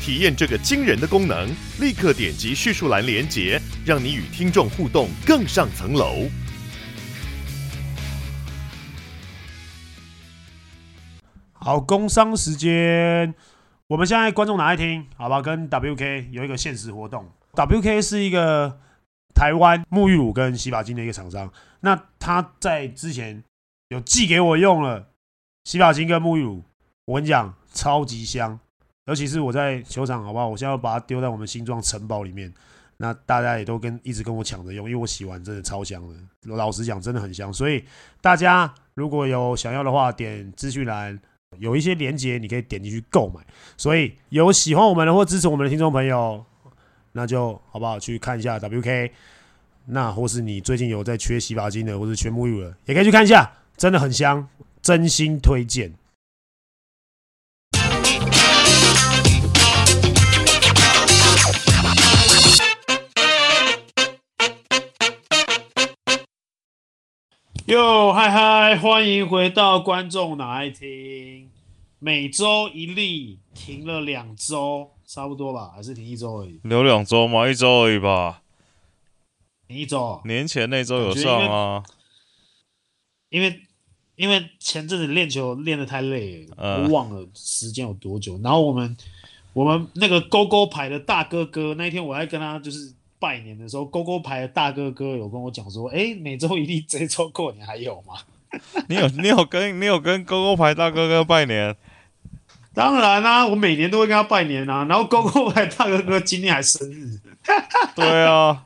體驗這個驚人的功能，立刻點擊敘述欄連結，讓你與聽眾互動更上層樓。好，工商時間，我們現在觀眾哪愛聽，好不好？跟 WK 有一個限時活動，WK 是一個台灣沐浴乳跟洗髮精的一個廠商。那他在之前有寄給我用了洗髮精跟沐浴乳，我跟你講，超級香。尤其是我在球場，好不好？我現在要把它丟在我們新莊城堡裡面，那大家也都跟一直跟我搶着用，因為我洗完真的超香的。老實講，真的很香。所以大家如果有想要的話，點資訊欄有一些鏈接，你可以點進去購買。所以有喜歡我們的或支持我們的聽眾朋友，那就好不好去看一下 WK？那或是你最近有在缺洗髮精的，或是缺沐浴乳的也可以去看一下，真的很香，真心推薦。喲嗨嗨，歡迎回到觀眾哪愛聽，每周一例，停了兩周，差不多吧，還是停一周而已。留兩周嗎？一周而已吧。停一周、啊。年前那周有上嗎、啊？因為因為前陣子練球練得太累、呃，我忘了時間有多久。然後我們我們那個勾勾牌的大哥哥，那天我還跟他就是。拜年的時候，勾勾牌的大哥哥有跟我講說：“哎、欸，每周一例。’這周過年還有嗎？” 你有你有跟你有跟勾勾牌大哥哥拜年？當然啦、啊，我每年都會跟他拜年啊。然後勾勾牌大哥哥今天還生日， 對啊，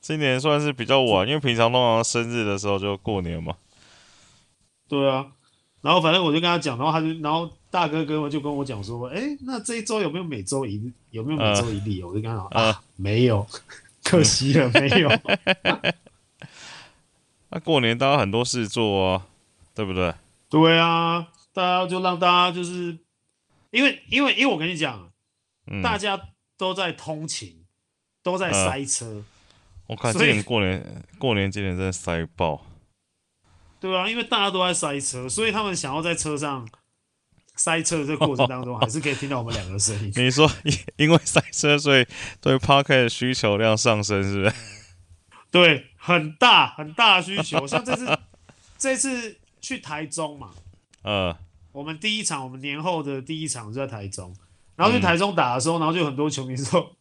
今年算是比較晚，因為平常通常生日的時候就過年嘛。對啊，然後反正我就跟他講，然後他就然後大哥哥就跟我講說：“哎、欸，那這一周有沒有每周一有沒有每周一例？’我就跟他講啊、呃，沒有。可惜了，嗯、沒有。 那 過年大家很多事做，哦，對不對？對啊，大家就讓大家就是，因為因為因為我跟你講，嗯、大家都在通勤，都在塞車。呃、我看今年過年過年，今年真的塞爆。對啊，因為大家都在塞車，所以他們想要在車上。塞車的這過程當中，還是可以聽到我們兩個聲音、oh。Oh. 你說，因因為塞車，所以對 Podcast 的需求量上升，是不是？對，很大很大的需求。 像這次這次去台中嘛，呃，我們第一場，我們年後的第一場就在台中，然後去台中打的時候，嗯、然後就很多球迷說，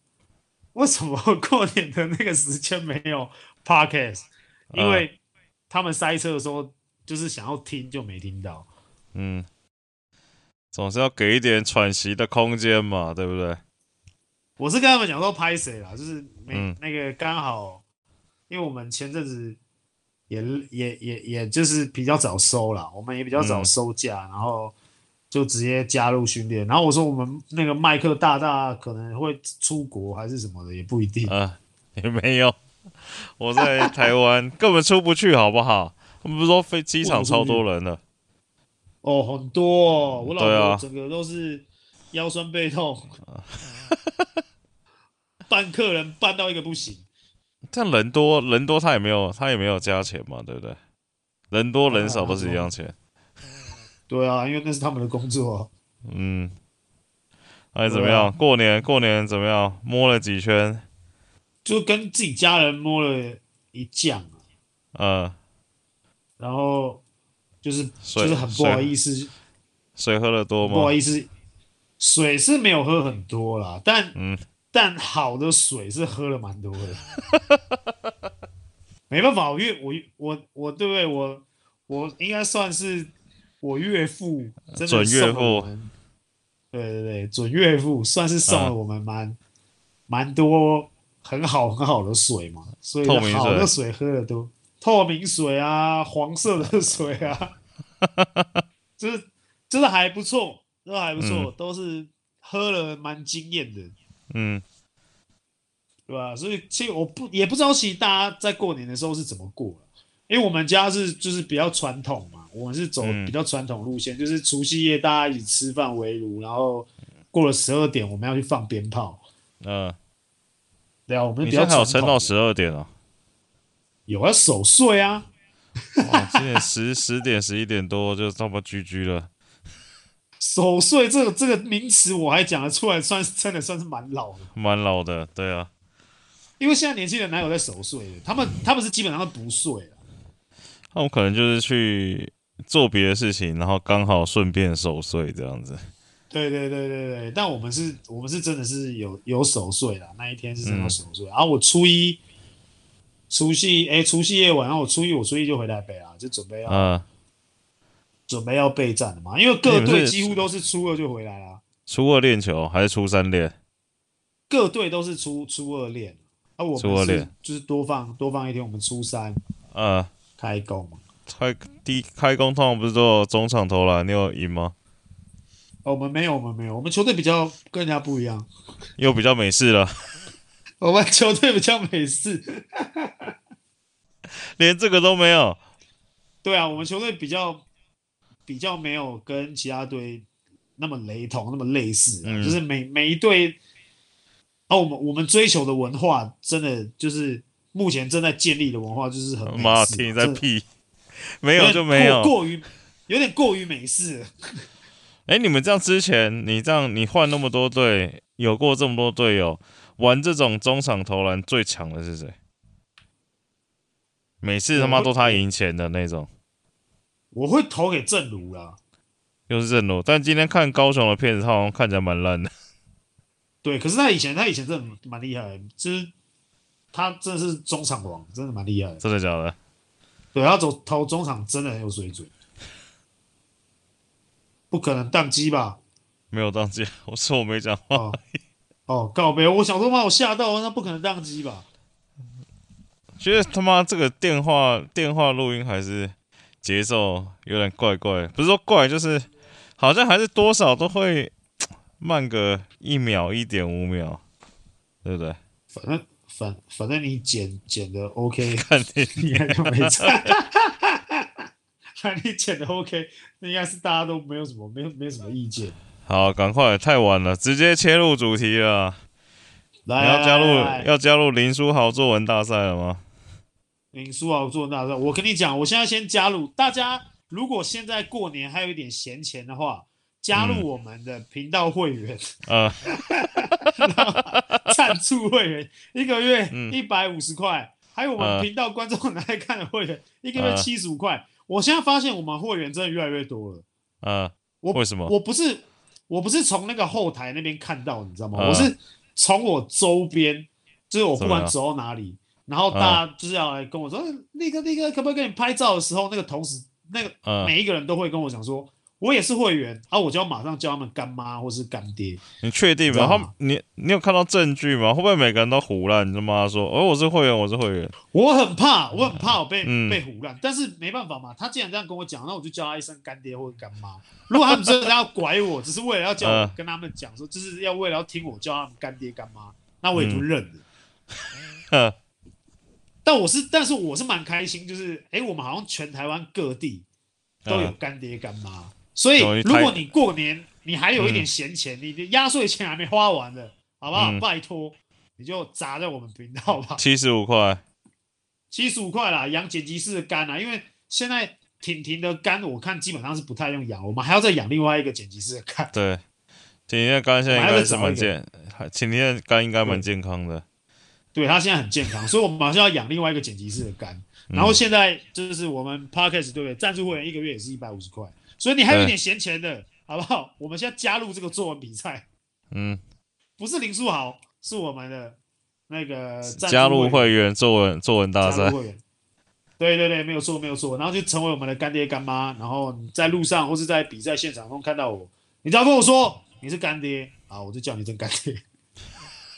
為什麼過年的那個時間沒有 Podcast？、呃、因為他們塞車的時候，就是想要聽就沒聽到。嗯。總是要給一點喘息的空間嘛，對不對？我是跟他們講說拍誰啦，就是沒、嗯、那個剛好，因為我們前陣子也也也也就是比較早收啦，我們也比較早收假、嗯，然後就直接加入訓練。然後我說我們那個麥克大大可能會出國還是什麼的，也不一定啊、呃，也沒有， 我在台灣 根本出不去，好不好？我們不是說飛機場超多人的。哦，很多、哦，我老婆整個都是腰酸背痛、啊 嗯，辦客人辦到一個不行，但人多人多，他也沒有，他也沒有加錢嘛，對不對？人多人少都是一樣錢、啊。對啊，因為那是他們的工作。嗯，哎，怎麼樣？啊、過年過年怎麼樣？摸了幾圈，就跟自己家人摸了一樣。嗯，然後。就是就是很不好意思，水、水喝的多嗎？不好意思，水是沒有喝很多啦，但嗯，但好的水是喝了蠻多的， 沒辦法，因為我我我、我對不對？我我應該算是我岳父，真的。準岳父，對對對，準岳父算是送了我們蠻、啊、蠻多很好很好的水嘛，所以好的水喝的多。透明水啊，黃色的水啊， 就是就是還不錯，都還不錯、嗯，都是喝了蠻驚豔的，嗯，對吧？所以其實我不也不知道其實大家在過年的時候是怎麼過？因為我們家是就是比較傳統嘛，我們是走比較傳統路線、嗯，就是除夕夜大家一起吃飯圍爐，然後過了十二點我們要去放鞭炮，嗯、呃，對啊，我們是比較傳統撐到十二點了、哦。有啊、啊、守歲啊 哇！今天十十點十一點多就差不多 GG 了。守歲這個這個名詞，我還講得出來算，算真的算是蠻老的。蠻老的，對啊。因為現在年輕人哪有在守歲？他們他們是基本上都不睡那他們可能就是去做別的事情，然後剛好順便守歲這樣子。對對對對對，但我們是，我們是真的是有有守歲了、啊。那一天是真的守歲，然、嗯、後、啊、我初一。除夕哎，除夕夜晚上，我初一，我初一就回台北啦、啊，就準備要、呃、準備要備戰了嘛，因為各隊幾乎都是初二就回來了。初二練球還是初三練？各隊都是初初二練，啊，我初二練就是多放多放一天，我們初三啊、呃，開工嘛，開第一開工通常不是都有中場投籃，你有贏嗎、哦？我們沒有，我們沒有，我們球隊比較跟人家不一樣，又比較美式了。 我們球隊比較美式，連這個都沒有 。對啊，我們球隊比較比較沒有跟其他隊那麼雷同，那麼類似。嗯、就是每每一隊，哦、啊，我們我們追求的文化，真的就是目前正在建立的文化，就是很美式嘛，媽聽你在屁，沒有就沒有，過於有點過於美式。哎、 欸，你們這樣之前，你這樣你換那麼多隊，有過這麼多隊友。玩這種中場投籃最強的是誰？每次他媽都他贏錢的那種我。我會投給正如啦。又是正如。但今天看高雄的片子，他好像看起來蠻爛的。對，可是他以前他以前真的蠻厲害的，就是他真的是中場王，真的蠻厲害的。真的假的？對，他走投中場真的很有水準。不可能宕機吧？沒有宕機，我說我沒講話。哦。哦，告別！我小時候把我嚇到，那不可能宕機吧？覺得他媽這個電話電話錄音還是節奏有點怪怪，不是說怪，就是好像還是多少都會慢個一秒一點五秒，對不對？反正反反正你剪剪的 OK，看你你還就沒差， 你剪的 OK，那應該是大家都沒有什麼沒有沒有什麼意見。好，趕快！太晚了，直接切入主題了。來，要加入要加入林書豪作文大賽了嗎？林書豪作文大賽，我跟你講，我現在先加入。大家如果現在過年還有一點閒錢的話，加入我們的頻道會員，呃、嗯，贊 助、嗯、 會員，一個月一百五十塊，還有我們頻道觀眾來看的會員，嗯、一個月七十五塊。我現在發現我們會員真的越來越多了。呃、嗯，我為什麼？我不是。我不是從那個後台那邊看到，你知道嗎？呃、我是從我周邊，就是我不管走到哪裡、啊，然後大家就是要來跟我說，呃、那個那個可不可以跟你拍照的時候，那個同時，那個、呃、每一個人都會跟我講說。我也是會員，然後、啊、我就要馬上叫他們乾媽或是乾爹。你確定嗎？然後你你有看到證據嗎？會不會每個人都唬爛？你就媽說，哦、哎，我是會員，我是會員。我很怕，我很怕我被、嗯、被唬爛。但是沒辦法嘛。他既然這樣跟我講，那我就叫他一聲乾爹或乾媽。如果他們真的要拐我， 只是為了要叫我、呃、跟他們講說，就是要為了要聽我叫他們乾爹乾媽，那我也就認了。嗯嗯、但我是，但是我是蠻開心，就是哎，我們好像全台灣各地都有乾爹乾媽。呃乾媽所以，如果你過年你還有一點閒錢，嗯，你的壓歲錢還沒花完的，好不好？嗯，拜托，你就砸在我們頻道吧。七十五塊，七十五塊啦！養剪輯師的肝啊，因為現在婷婷的肝，我看基本上是不太用養，我們還要再養另外一個剪輯師的肝。對，婷婷的肝現在應該蠻健，婷婷的肝應該蠻健康的對。對，他現在很健康，所以我們馬上要養另外一個剪輯師的肝，嗯。然後現在就是我們 Podcast 對不對？贊助會員一個月也是一百五十塊。所以你還有一點閒錢的，好不好？我們現在加入這個作文比賽，嗯，不是林書豪，是我們的那個加入會員作文、作文大賽。加入會員，對對對，沒有錯，沒有錯。然後就成為我們的乾爹乾媽。然後你在路上或是在比賽現場中看到我，你只要跟我說你是乾爹啊，我就叫你一聲乾爹，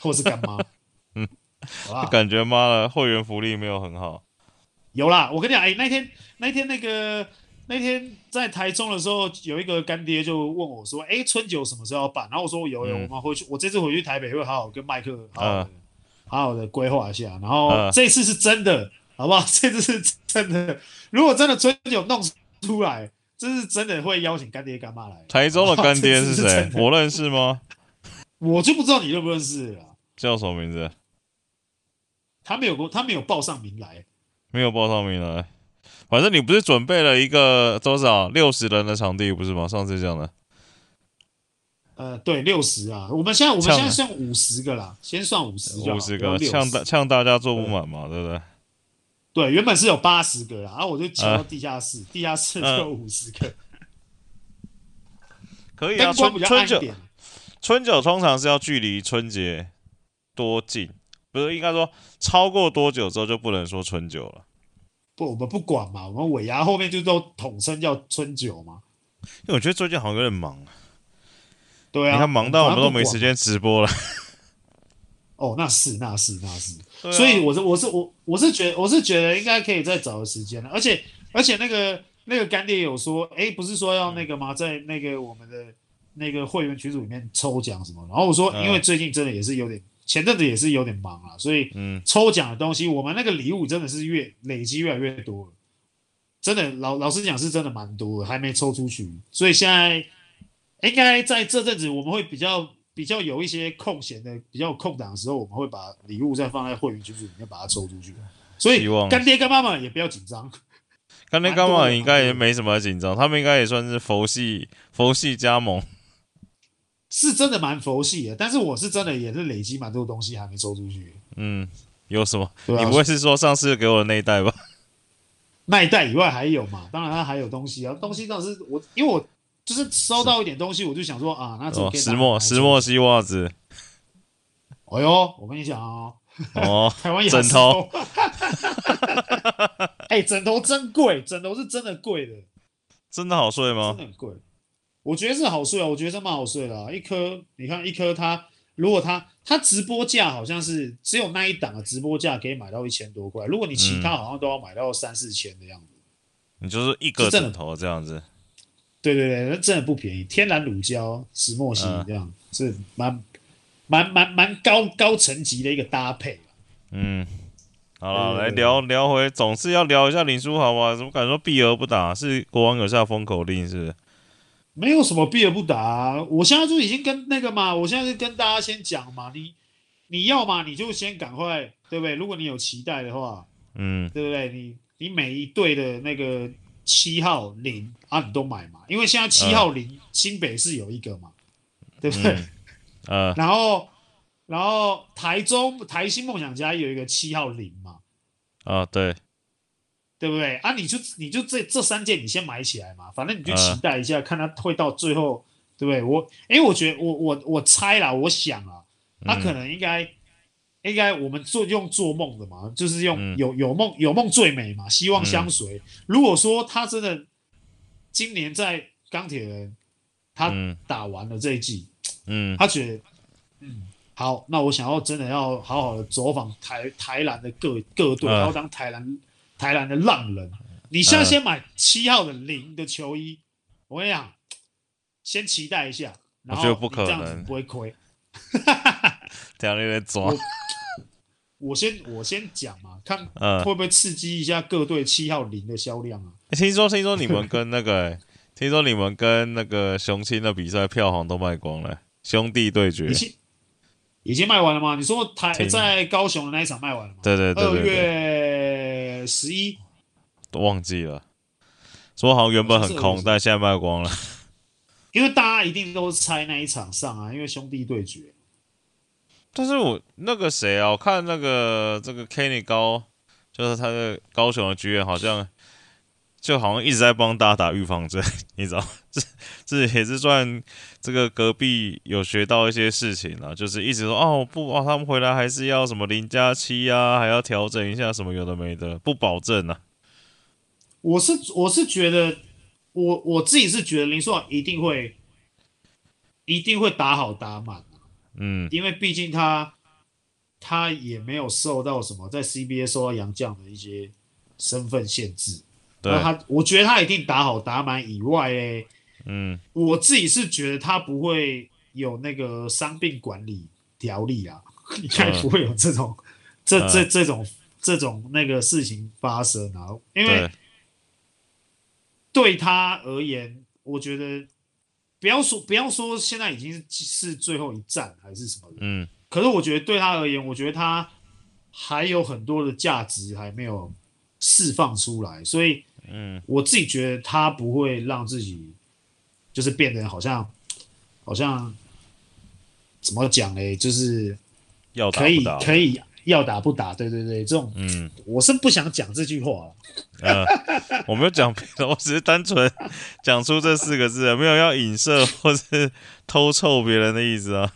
或是乾媽。 嗯，好吧，感覺媽的會員福利沒有很好。有啦，我跟你講，哎、欸，那天那天那個。那天在台中的時候，有一個乾爹就問我說：“哎，春酒什麼時候辦？”然後我說有：“有、嗯、有，我們回去，我這次回去台北會好好跟麥克好好、啊、好好的規劃一下。然後、啊、這次是真的，好不好？這次是真的。如果真的春酒弄出來，這是真的會邀請乾爹乾媽來。台中的乾爹是誰？是我認識嗎？我就不知道你認不認識了。叫什麼名字？他沒有過，他沒有報上名來，沒有報上名來。反正你不是準備了一個多少六十人的場地不是嗎？上次講的。呃，對，六十啊。我們現在我們現在算五十個啦，呃、先算五十，五十個，嗆大嗆大家坐不滿嘛，對不對？對，對？對，原本是有八十個啦，然、啊、後我就擠到地下室，呃、地下室就五十個、呃。可以啊，春春酒，春酒通常是要距離春節多近？不是應該說超過多久之後就不能說春酒了？不，我們不管嘛，我們尾牙後面就都統稱叫春酒嘛。因為我覺得最近好像有點忙。對啊，你看忙到我們都沒時間直播了。哦，那是那是那是、啊，所以我是我是我是我是覺我是覺得應該可以再找個時間了。而且而且那個那個乾爹有說，哎、欸，不是說要那個嗎？在那個我們的那個會員群組裡面抽獎什麼。然後我說，因為最近真的也是有點。前陣子也是有點忙啊，所以嗯，抽獎的東西、嗯，我們那個禮物真的是越累積越來越多了，真的老老實講，是真的蠻多的，還沒抽出去，所以現在應該在這陣子我們會比較比較有一些空閒的，比較有空檔的時候，我們會把禮物再放在會員群裡面把它抽出去。所以乾爹乾媽媽也不要緊張，乾爹乾媽媽應該也沒什麼緊張，他們應該也算是佛系佛系加盟。是真的蠻佛系的，但是我是真的也是累積蠻多東西還沒收出去。嗯，有什麼、啊？你不會是說上次給我的那一袋吧？那一袋以外還有嘛？當然它還有東西啊，東西倒是我，因為我就是收到一點東西，我就想說啊，那怎麼、哦、石墨石墨烯襪子。哎、哦、呦，我跟你講啊、哦，哦， 枕頭，哎、 欸，枕頭真貴，枕頭是真的貴的，真的好睡嗎？真的很貴。我覺得這好睡啊！我覺得這蠻好睡的啊，一顆你看一顆它，如果它它直播價好像是只有那一檔的直播價可以買到一千多塊，如果你其他好像都要買到三、嗯、四千的樣子。你就是一個枕頭這樣子。對對對，那真的不便宜，天然乳膠石墨烯這樣、嗯、是蠻蠻蠻蠻高高層級的一個搭配、啊。嗯，好了，來聊、嗯、聊回，總是要聊一下林書豪啊，怎麼感覺避而不打？是國王有下封口令是？沒有什麼避而不答、啊，我現在就已經跟那個嘛，我現在是跟大家先講嘛，你你要嘛，你就先趕快，對不對？如果你有期待的話，嗯，對不對？你你每一隊的那個七號零啊，你都買嘛，因為現在七號零、呃、新北市有一個嘛，對不對？嗯、呃，然後然後台中台新夢想家有一個七號零嘛，啊，對。對不對啊你？你就你就這這三件，你先買起來嘛，反正你就期待一下，呃、看他會到最後，對不對？我，哎，我覺得我我我猜啦，我想啊，他可能應該、嗯、應該我們做用做夢的嘛，就是用有、嗯、有，有夢有夢最美嘛，希望相隨。嗯、如果說他真的今年在鋼鐵人他打完了這一季，嗯，他覺得，嗯，好，那我想要真的要好好的走訪台台南的各各隊，然後、呃、當台南。台南的浪人，你現在先買七號的零的球衣，呃，我跟你講，先期待一下，然後你這樣子不會虧。哈哈，這樣你會抓。我先我先講嘛，看會不會刺激一下各隊七號零的銷量啊？呃、聽說聽說你們跟那個， 聽說你們跟那個雄鷹的比賽票房都賣光了，兄弟對決已經已經賣完了嗎？你說台在高雄的那一場賣完了嗎？對對對，對，對，二十一都忘記了，說好像原本很空，但現在賣光了。因為大家一定都猜那一場上啊，因為兄弟對決。但是我那個誰啊，我看那個這個 Kenny 高，就是他的高雄的劇院好像。就好像一直在幫大家打預防針，你知道？這這也是算這個隔壁有學到一些事情了、啊，就是一直說哦不，哦他們回來還是要什麼零加七啊，還要調整一下什麼有的沒的，不保證呢、啊。我是我是覺得，我我自己是覺得林書豪一定會一定會打好打滿、啊，嗯，因為畢竟他他也沒有受到什麼在 CBA 受到洋將的一些身份限制。那他，我覺得他一定打好打滿以外、欸，誒，嗯，我自己是覺得他不會有那個傷病管理條例啊，嗯、應該不會有這種、嗯、這這這種這種那個事情發生。然後，因為對，對他而言，我覺得不要說不要說現在已經是是最後一戰還是什麼，嗯，可是我覺得對他而言，我覺得他還有很多的價值還沒有釋放出來，所以。嗯，我自己覺得他不會讓自己，就是變得好像，好像，怎麼講嘞？就是可以，要打不打？可以可以，要打不打？對對對，這種，嗯，我是不想講這句話了。呃、 我沒有講別人，我只是單純講出這四個字， 沒有要影射或是偷臭別人的意思啊。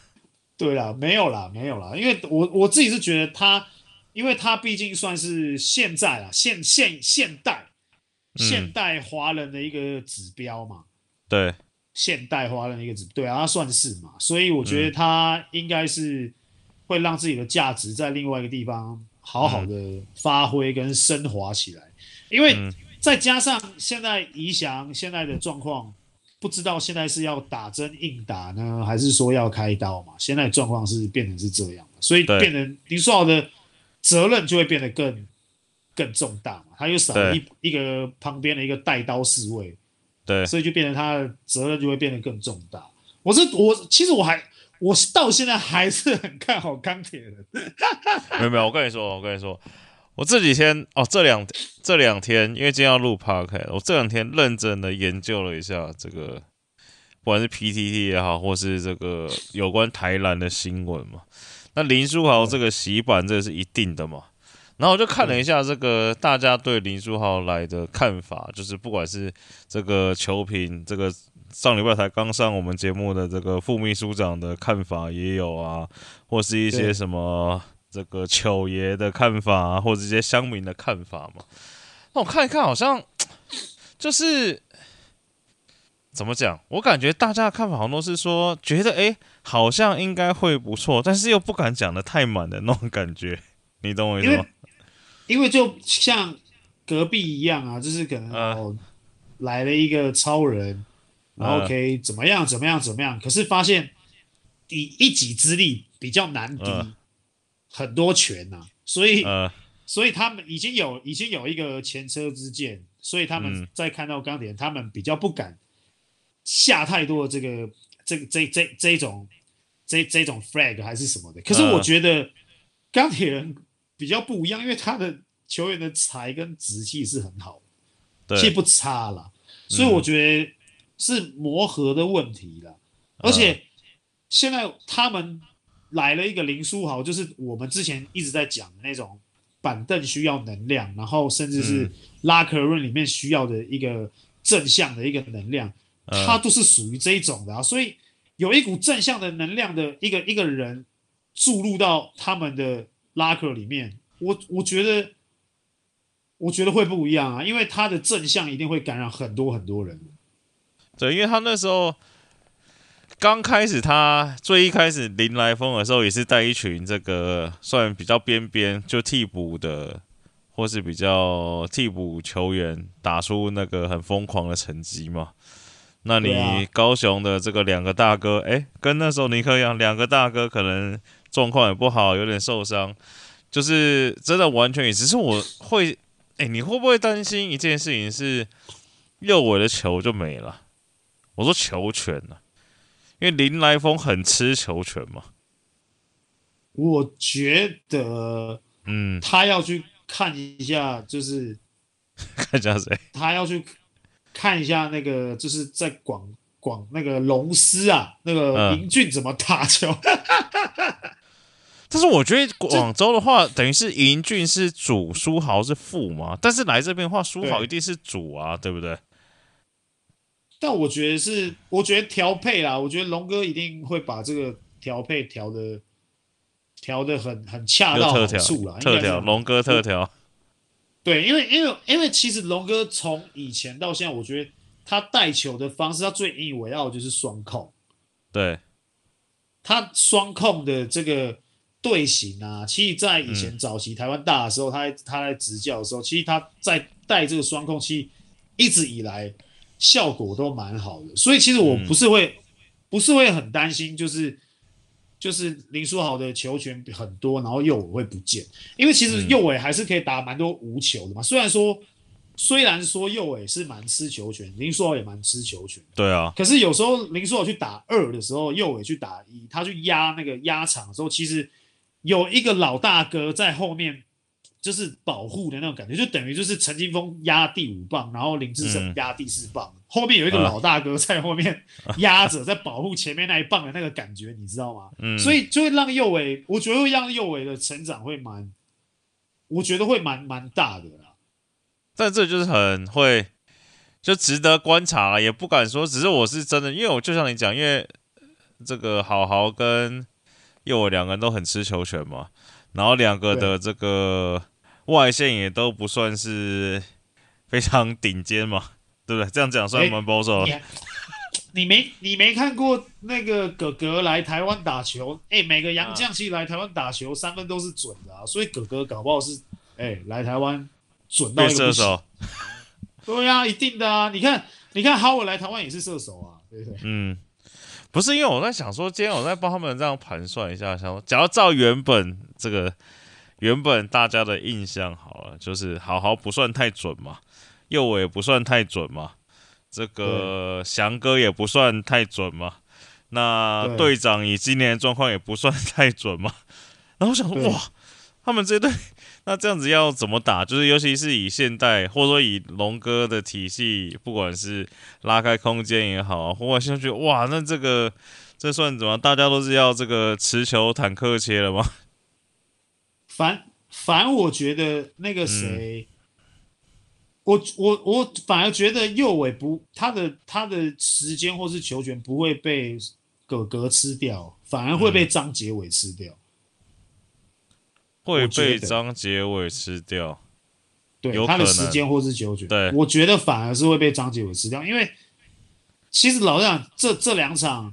對啦，沒有啦，沒有啦，因為我我自己是覺得他，因為他畢竟算是現在啊，現現現代。現代華人的一個指標嘛，嗯、對，現代華人的一個指，對啊，他算是嘛，所以我覺得他應該是會讓自己的價值在另外一個地方好好的發揮跟升華起來，嗯、因為、嗯、再加上現在怡祥現在的狀況，不知道現在是要打針硬打呢，還是說要開刀嘛？現在狀況是變成是這樣的，所以變成林書豪的責任就會變得更。更重大嘛，他又少了一一個旁邊的一個帶刀侍衛，對，所以就變成他的責任就會變得更重大。我是我，其實我還，我到現在還是很看好鋼鐵人。 沒有沒有，我跟你說，我跟你說，我這幾天哦，這兩這兩天，因為今天要錄 Podcast 我這兩天認真的研究了一下這個，不管是 P T T 也好，或是這個有關台南的新聞嘛，那林書豪這個洗版，這是一定的嘛。然後我就看了一下這個大家對林書豪來的看法，嗯、就是不管是這個球評，這個上禮拜才剛上我們節目的這個副秘書長的看法也有啊，或是一些什麼這個球爺的看法，或者一些鄉民的看法嘛。那我看一看，好像就是怎麼講，我感覺大家的看法好像都是說覺得哎、欸，好像應該會不錯，但是又不敢講得太滿的那種感覺，你懂我意思嗎？欸因為就像隔壁一樣啊，就是可能、uh, 哦，來了一個超人，uh, 然後可以怎麼樣怎麼樣怎麼樣，可是發現以一己之力比較難敵、uh, 很多拳吶、啊，所以、uh, 所以他們已經有已經有一個前車之鑑，所以他們在看到鋼鐵人，嗯、他們比較不敢下太多的這個這個、這這這，這種這這種 flag 還是什麼的，可是我覺得、uh, 鋼鐵人。比較不一樣，因為他的球員的才跟直氣是很好對，其氣不差了、嗯，所以我覺得是磨合的問題了、嗯。而且現在他們來了一個林書豪，就是我們之前一直在講的那種板凳需要能量，然後甚至是拉克潤裡面需要的一個正向的一個能量，嗯、他都是屬於這一種的、啊嗯，所以有一股正向的能量的一個一個人注入到他們的。Locker 裡面，我我覺得，我覺得會不一樣啊，因為他的正向一定會感染很多很多人。對，因為他那時候剛開始他，他最一開始林來瘋的時候也是帶一群這個算比較邊邊就替補的，或是比較替補球員打出那個很瘋狂的成績嘛。那你高雄的這個兩個大哥，哎、啊，跟那時候尼克一樣，兩個大哥可能，狀況也不好，有點受傷，就是真的完全也只是我會，誒、欸，你會不會擔心一件事情是又瑋的球就沒了？我說球權呢，因為林來瘋很吃球權嘛。我覺得，嗯，他要去看一下，就是看一下誰？他要去看一下那個，就是在廣廣那個龍獅啊，那個林俊怎麼打球？嗯 但是我覺得廣州的話，等於是盈駿是主，書豪是副嘛。但是來這邊的話，書豪一定是主啊，對不對？但我覺得是，我覺得調配啦，我覺得龍哥一定會把這個調配調的調的很很恰到好處啦。特調，龍哥特調。對，因為因為因為其實龍哥從以前到現在，我覺得他帶球的方式，他最引以為傲就是雙控。對，他雙控的這個。隊形啊，其實，在以前早期台灣大的時候，他、嗯、他在執教的時候，其實他在帶這個雙控器，器一直以來效果都蠻好的。所以，其實我不是會，嗯、不是會很擔心，就是就是林書豪的球權很多，然後又瑋會不見，因為其實又瑋還是可以打蠻多無球的嘛、嗯。雖然說，雖然說又瑋是蠻吃球權，林書豪也蠻吃球權，對啊。可是有時候林書豪去打二的時候，又瑋去打一，他去壓那個壓場的時候，其實。有一個老大哥在後面，就是保護的那種感覺，就等於就是陳金鋒壓第五棒，然後林智勝壓第四棒，嗯、後面有一個老大哥在後面壓着，在保護前面那一棒的那個感覺， 你知道嗎、嗯？所以就會讓又瑋，我覺得會讓又瑋的成長會蠻，我覺得會蠻蠻大的啦、啊。但這就是很會，就值得觀察、啊、也不敢說，只是我是真的，因為我就像你講，因為這個豪豪跟。因為我兩個人都很吃球權嘛，然後兩個的這個外線也都不算是非常頂尖嘛，對不對？這樣講算蠻保守、欸。你， 你沒你沒看過那個哥哥來台灣打球？誒、欸，每個洋將其實來台灣打球，三分都是準的啊。所以哥哥搞不好是誒、欸，來台灣準到射手。對呀、啊，一定的啊。你看你看 Howard 來台灣也是射手啊，對不對？嗯。不是因為我在想說，今天我在幫他們這樣盤算一下，想說，只要照原本這個原本大家的印象好了，就是豪豪不算太準嘛，又瑋也不算太準嘛，這個翔哥也不算太準嘛，那隊長以今年的狀況也不算太準嘛，然後我想說哇，他們這隊。那這樣子要怎麼打？就是尤其是以現代，或者說以龍哥的體系，不管是拉開空間也好，我或者現覺得哇，那這個這算怎麼？大家都是要這個持球坦克切了嗎？反反，我覺得那個誰、嗯，我我我反而覺得又瑋不他的他的時間或是球權不會被豪豪吃掉，反而會被張杰偉吃掉。嗯會被張杰偉吃掉，對，他的時間或是久久，對，我覺得反而是會被張杰偉吃掉，因為其實老實講，這這兩場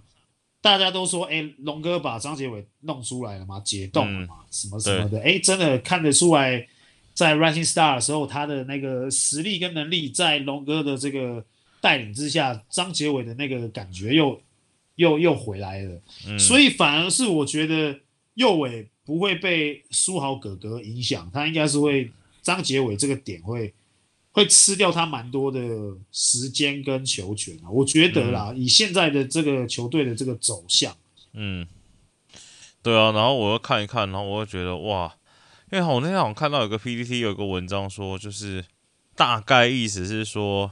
大家都說，哎，龍哥把張杰偉弄出來了嘛，解凍了嘛、嗯，什麼什麼的，哎，真的看得出來，在 Rising Star 的時候，他的那個實力跟能力，在龍哥的這個帶領之下，張杰偉的那個感覺又又又回來了、嗯，所以反而是我覺得又瑋。不會被書豪哥哥影響，他應該是會陳又瑋這個點會會吃掉他蠻多的時間跟球權啊，我覺得啦、嗯，以現在的這個球隊的這個走向，嗯，對啊，然後我又看一看，然後我又覺得哇，因為我那天好像看到有一個 PPT，有一個文章說，就是大概意思是說，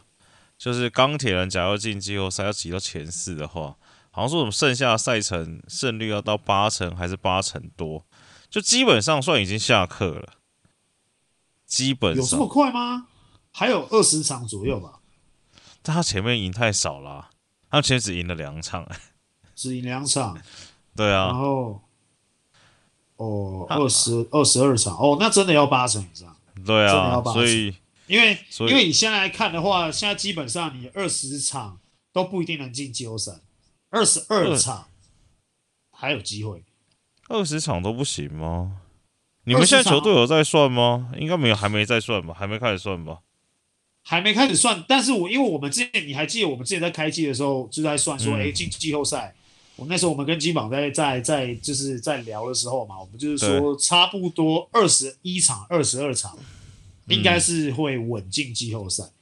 就是鋼鐵人假如進季後賽要擠到前四的話，好像說我們剩下的賽程勝率要到八成還是八成多。就基本上算已經下課了，基本上有這麼快嗎？還有二十場左右吧。嗯、但他前面贏太少了、啊，他前面只贏了兩場，只贏兩場。對啊，然後，哦，二十二十二場，哦，那真的要八成以上。對啊，所以因為因為你現在來看的話，現在基本上你二十場都不一定能進季後賽，二十二場還有機會。二十場都不行嗎？你們現在球隊有在算嗎？應該沒有，還沒在算吧？還沒開始算吧？還沒開始算。但是我因為我們之前，你還記得我們之前在開季的時候就在算說，哎、嗯，進、欸、季後賽。我那時候我們跟金榜在在在，在就是在聊的時候嘛，我們就是說差不多二十一場、二十二場應該是會穩進季後賽、嗯。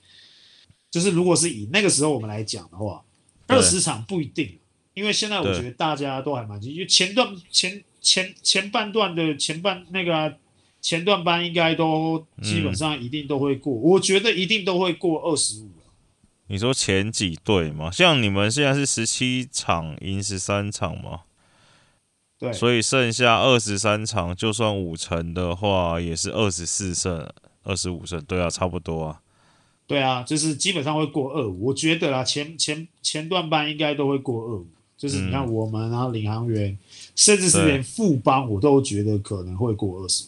就是如果是以那個時候我們來講的話，二十場不一定，因為現在我覺得大家都還蠻急，就前段前。前前半段的前半那個、啊、前段班應該都基本上一定都會過，嗯、我覺得一定都會過二十五。你說前幾隊嘛？像你們現在是十七場贏十三場嘛？對，所以剩下二十三場，就算五成的話，也是二十四勝二十五勝。對啊，差不多啊。對啊，就是基本上會過二十五。我覺得啊，前前前段班應該都會過二十五。就是你看我們，嗯、然後領航員。甚至是連富邦我都覺得可能會過二十，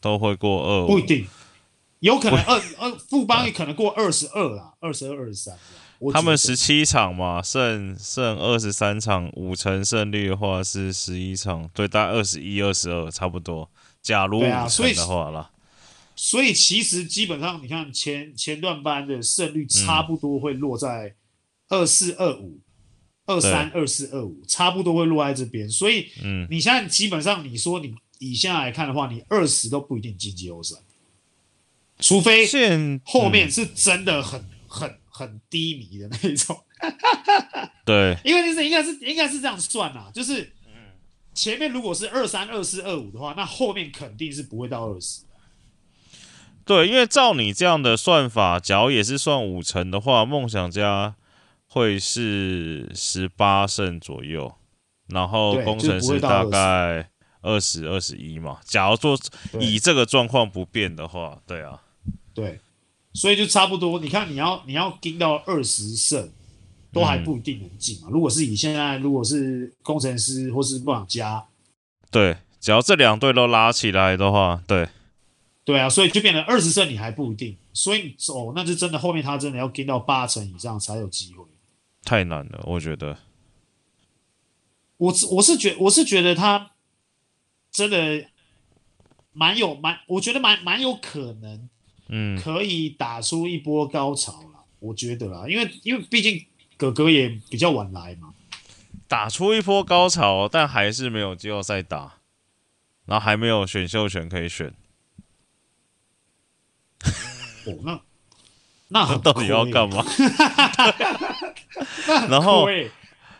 都會過二，不一定，有可能二二富邦也可能過二十二啦，二十二、二十三。他們十七場嘛，剩剩二十三場，五成勝率的話是十一場，對，大概二十一、二十二，差不多。假如五成的話了、啊，所以其實基本上你看前前段班的勝率差不多會落在二四二五。二三、二四、二五，差不多會落在這邊，所以，你現在基本上你說你以現在來看的話，你二十都不一定晉級季後賽，除非後面是真的很、嗯、很很低迷的那一種。 對，因為就是應該是應該是這樣算啦，就是前面如果是二三、二四、二五的話，那後面肯定是不會到二十。對，因為照你這樣的算法，角也是算五成的話，夢想家。會是十八勝左右，然後攻城獅大概二十二十一嘛。假如說以這個狀況不變的話，對啊，對，所以就差不多。你看你，你要你要跟到二十勝，都還不一定能進嘛、嗯。如果是以現在，如果是攻城獅或是夢想家，對，只要這兩隊都拉起來的話，對，對啊，所以就變成二十勝你還不一定。所以你走、哦，那就真的後面他真的要跟到八成以上才有機會。太難了，我覺得。我是我是覺我是覺得他真的蠻有蠻，我覺得蠻蠻有可能，嗯，可以打出一波高潮了，我覺得啦，因為因為畢竟哥哥也比較晚來嘛，打出一波高潮，但還是沒有季後賽打，然後還沒有選秀權可以選。哦，那那， 那到底要幹嘛？ 然後，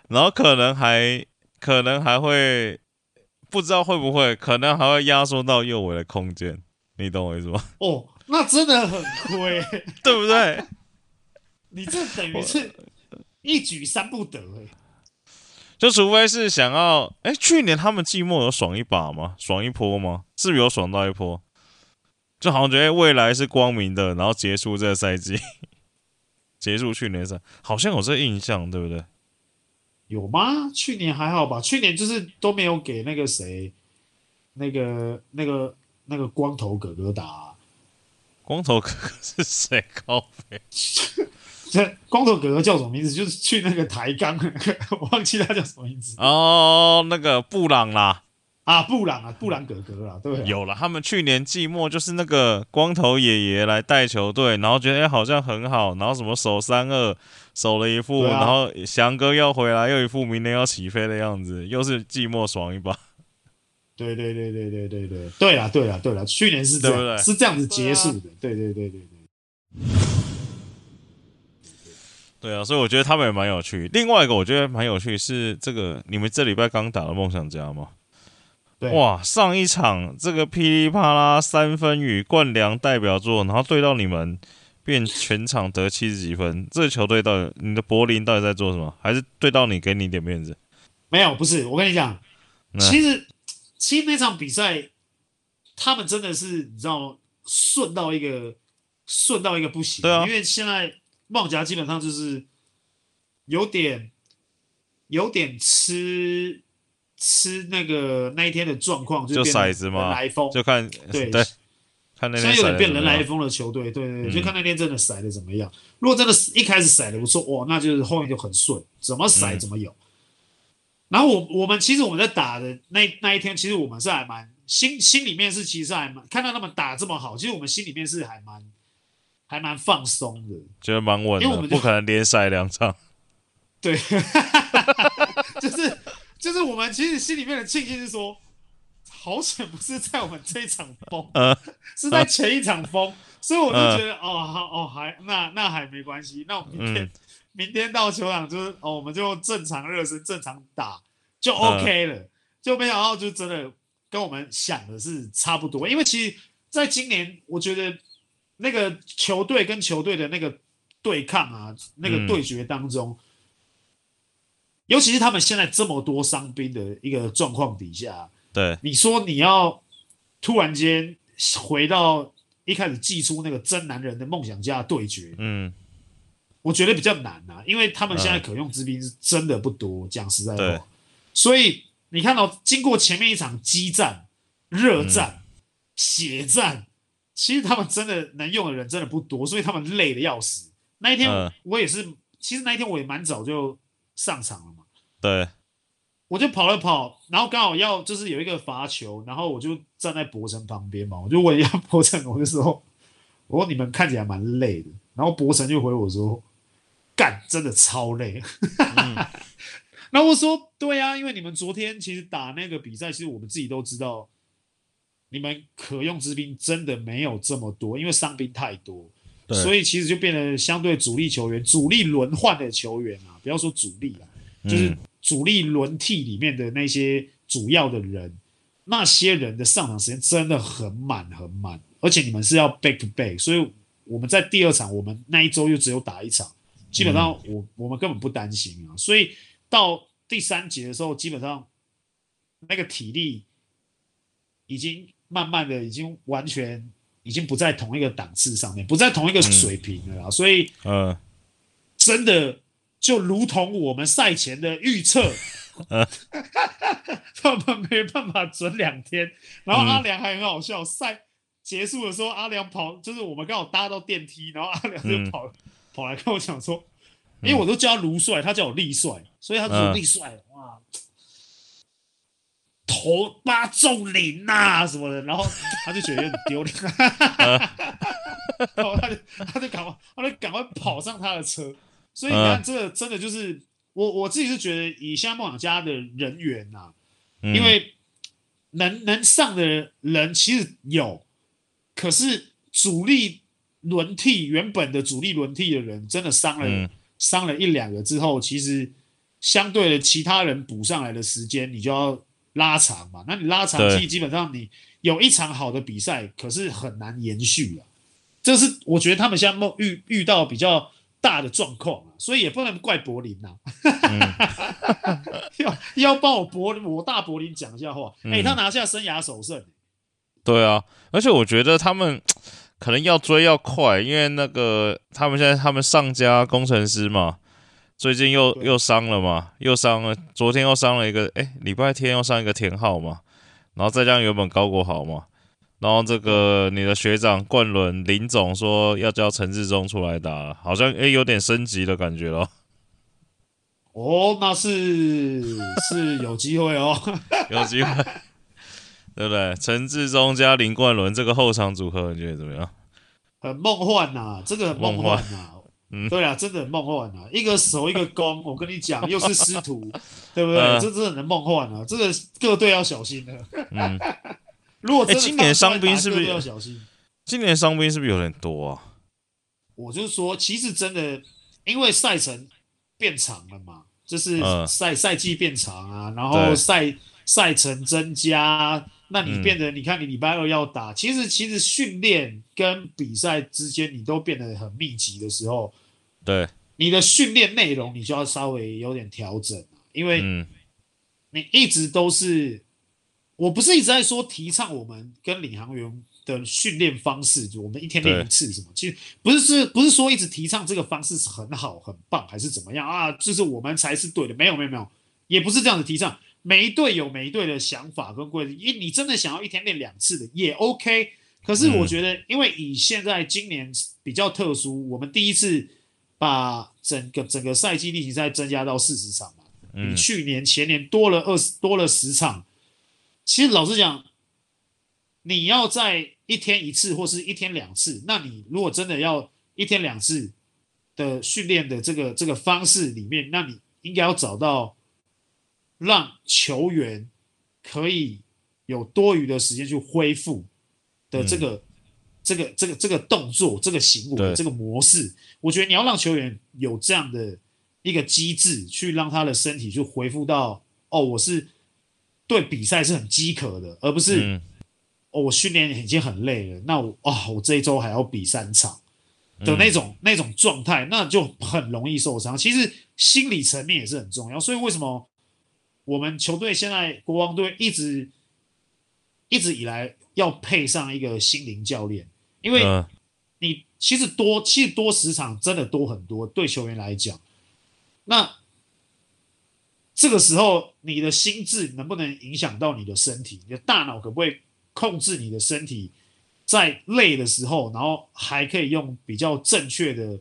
然後可能還可能還會不知道會不會，可能還會壓縮到又瑋的空間，你懂我意思嗎？哦，那真的很虧， 對不對？啊、你這等於是，一舉三不得、欸、 就除非是想要，哎，去年他們季末有爽一把嗎？爽一波嗎？是不是有爽到一波？就好像覺得未來是光明的，然後結束這個賽季。結束去年的時候，好像有這印象，對不對？有嗎？去年還好吧，去年就是都沒有給那個誰，那個那個那個光頭哥哥打、啊。光頭哥哥是誰？高飛 光頭哥哥叫什麼名字？就是去那個台鋼那個，我 忘記他叫什麼名字。哦，那個布朗啦。啊，布朗啊，布朗哥哥啊，對不、啊、對？有了，他們去年季末就是那個光頭爺爺來帶球隊，然後覺得好像很好，然後什麼守三二守了一副、啊，然後翔哥要回來又一副，明年要起飛的樣子，又是季末爽一把。對對對對對對對對，對啊對啊對啊，對啊，去年是這樣對不對，是這樣子結束的，對，啊、對，對對對對對。對啊，所以我覺得他們也蠻有趣。另外一個我覺得蠻有趣是這個，你們這禮拜剛打的夢想家嗎？哇！上一場這個噼里啪啦三分雨冠良代表作，然後對到你們，變全場得七十幾分。這個球隊到底，你的柏林到底在做什麼？還是對到你，給你點面子？沒有，不是。我跟你講、嗯，其實，其實那場比賽，他們真的是你知道嗎？順到一個，順到一個不行。對啊。因為現在帽夾基本上就是有點，有點吃。吃那個那一天的狀況，就骰子嘛。人來瘋，就看對對，看那現在有點變人來瘋的球隊，對對，對、嗯、就看那天真的骰的怎麼樣。如果真的是一開始骰的，不錯哦，那就是後面就很順，怎麼骰、嗯、怎麼有。然後我們我們其實我們在打的那那一天，其實我們是還蠻心心裡面是其實還蠻看到他們打這麼好，其實我們心裡面是還蠻還蠻放鬆的，覺得蠻穩的，因為我們不可能連骰兩場。對， 就是。就是我們其實心裡面的慶幸是說，好險不是在我們這一場風、呃，是在前一場風、呃，所以我就覺得、呃哦、好，哦，還那那還沒關係，那我明天、嗯、明天到球場就是，哦，我們就正常熱身，正常打就 OK 了、呃，就沒想到就真的跟我們想的是差不多，因為其實在今年，我覺得那個球隊跟球隊的那個對抗啊、嗯，那個對決當中。尤其是他們現在這麼多傷兵的一個狀況底下，對你說你要突然間回到一開始祭出那個真男人的夢想家的對決，嗯，我覺得比較難吶、啊，因為他們現在可用之兵是真的不多，講、嗯、實在話。所以你看到、喔、經過前面一場激戰、熱戰、嗯、血戰，其實他們真的能用的人真的不多，所以他們累得要死。那一天我也是，嗯、其實那一天我也蠻早就。上場了嘛？對，我就跑了跑，然後剛好要就是有一個罰球，然後我就站在博成旁邊嘛，我就問一下博成，我就說：“我說你們看起來蠻累的。”然後博成就回我說：“幹，真的超累。 嗯” 然後我說：“對啊，因為你們昨天其實打那個比賽，其實我們自己都知道，你們可用之兵真的沒有這麼多，因為傷兵太多。”對，所以其實就變成相對主力球員、主力輪換的球員啊，不要說主力啦、啊，就是主力輪替裡面的那些主要的人，那些人的上場時間真的很滿很滿，而且你們是要 back to back，所以我們在第二場我們那一周又只有打一場，基本上我我們根本不擔心啊，所以到第三節的時候，基本上那個體力已經慢慢的已經完全。已經不在同一個檔次上面，不在同一個水平了啦、嗯、所以，呃，真的就如同我們賽前的預測，嗯、 他們沒辦法準兩天。然後阿良還很好笑，賽結束的時候，阿良跑，就是我們剛好搭到電梯，然後阿良就跑，嗯、跑來跟我講說、嗯，因為我都叫他盧帥，他叫我力帥，所以他成力帥頭八重林啊什麼的，然後他就覺得很丟臉，然後他就他就趕快他就趕快跑上他的車。所以你看，這真的就是我我自己是覺得，以現在夢想家的人員啊，因為能能上的人其實有，可是主力輪替原本的主力輪替的人真的傷了傷、嗯、了一兩個之後，其實相對的其他人補上來的時間，你就要。拉長嘛，那你拉長期基本上你有一場好的比賽，可是很難延續了、啊。這是我覺得他們現在夢遇遇到比較大的狀況、啊、所以也不能怪柏林吶、啊。嗯、 要要幫我柏我大柏林講一下話、嗯欸，他拿下生涯首勝。對啊，而且我覺得他們可能要追要快，因為那個他們現在他們上家工程師嘛。最近又又傷了嘛，又傷了，昨天又傷了一個，哎、欸，禮拜天又傷一個田浩嘛，然後再加原本高國豪嘛，然後這個你的學長冠倫林總說要叫陳志忠出來打了，好像哎、欸、有點升級的感覺咯。哦，那是是有機會哦， 有機機會， 對不對？陳志忠加林冠倫這個後場組合，你覺得怎麼樣？很夢幻吶、啊，這個很夢幻吶、啊。嗯，對啊，真的很夢幻啊，一個守一個攻， 我跟你講，又是師徒， 對不對？呃、這真的很夢幻啊，這個各隊要小心的嗯， 如果真的，欸、今年傷兵是不是？今年傷兵是不是有點多啊？我就說，其實真的，因為賽程變長了嘛，就是賽、呃、賽季變長啊，然後賽賽程增加。那你變得，你看你禮拜二要打，其實其實訓練跟比賽之間，你都變得很密集的時候，對你的訓練內容，你就要稍微有點調整，因為，你一直都是，我不是一直在說提倡我們跟領航員的訓練方式，我們一天練一次什麼，其實不是是，不是說一直提倡這個方式很好很棒還是怎麼樣啊，就是我們才是對的，沒有沒有沒有，也不是這樣子提倡。每一隊有每一隊的想法跟規則，你真的想要一天練兩次的也 OK，可是我覺得，因為以現在今年比較特殊，嗯、我們第一次把整個整個賽季例行賽增加到四十場嘛，嗯、比去年前年多了二十多了十場。其實老實講，你要在一天一次或是一天兩次，那你如果真的要一天兩次的訓練的這個這個方式裡面，那你應該要找到。讓球員可以有多餘的時間去恢復的這個、嗯、這個、這個、這個動作、這個行為、這個模式，我覺得你要讓球員有這樣的一個機制，去讓他的身體去恢復到哦，我是對比賽是很飢渴的，而不是、嗯、哦，我訓練已經很累了，那我哦，我這一周還要比三場的那種、嗯、那種狀態，那就很容易受傷。其實心理層面也是很重要，所以為什麼？我們球隊現在，國王隊一直一直以來要配上一個心靈教練，因為你其實多，其實多十場真的多很多，對球員來講，那這個時候你的心智能不能影響到你的身體？你的大腦可不可以控制你的身體，在累的時候，然後還可以用比較正確的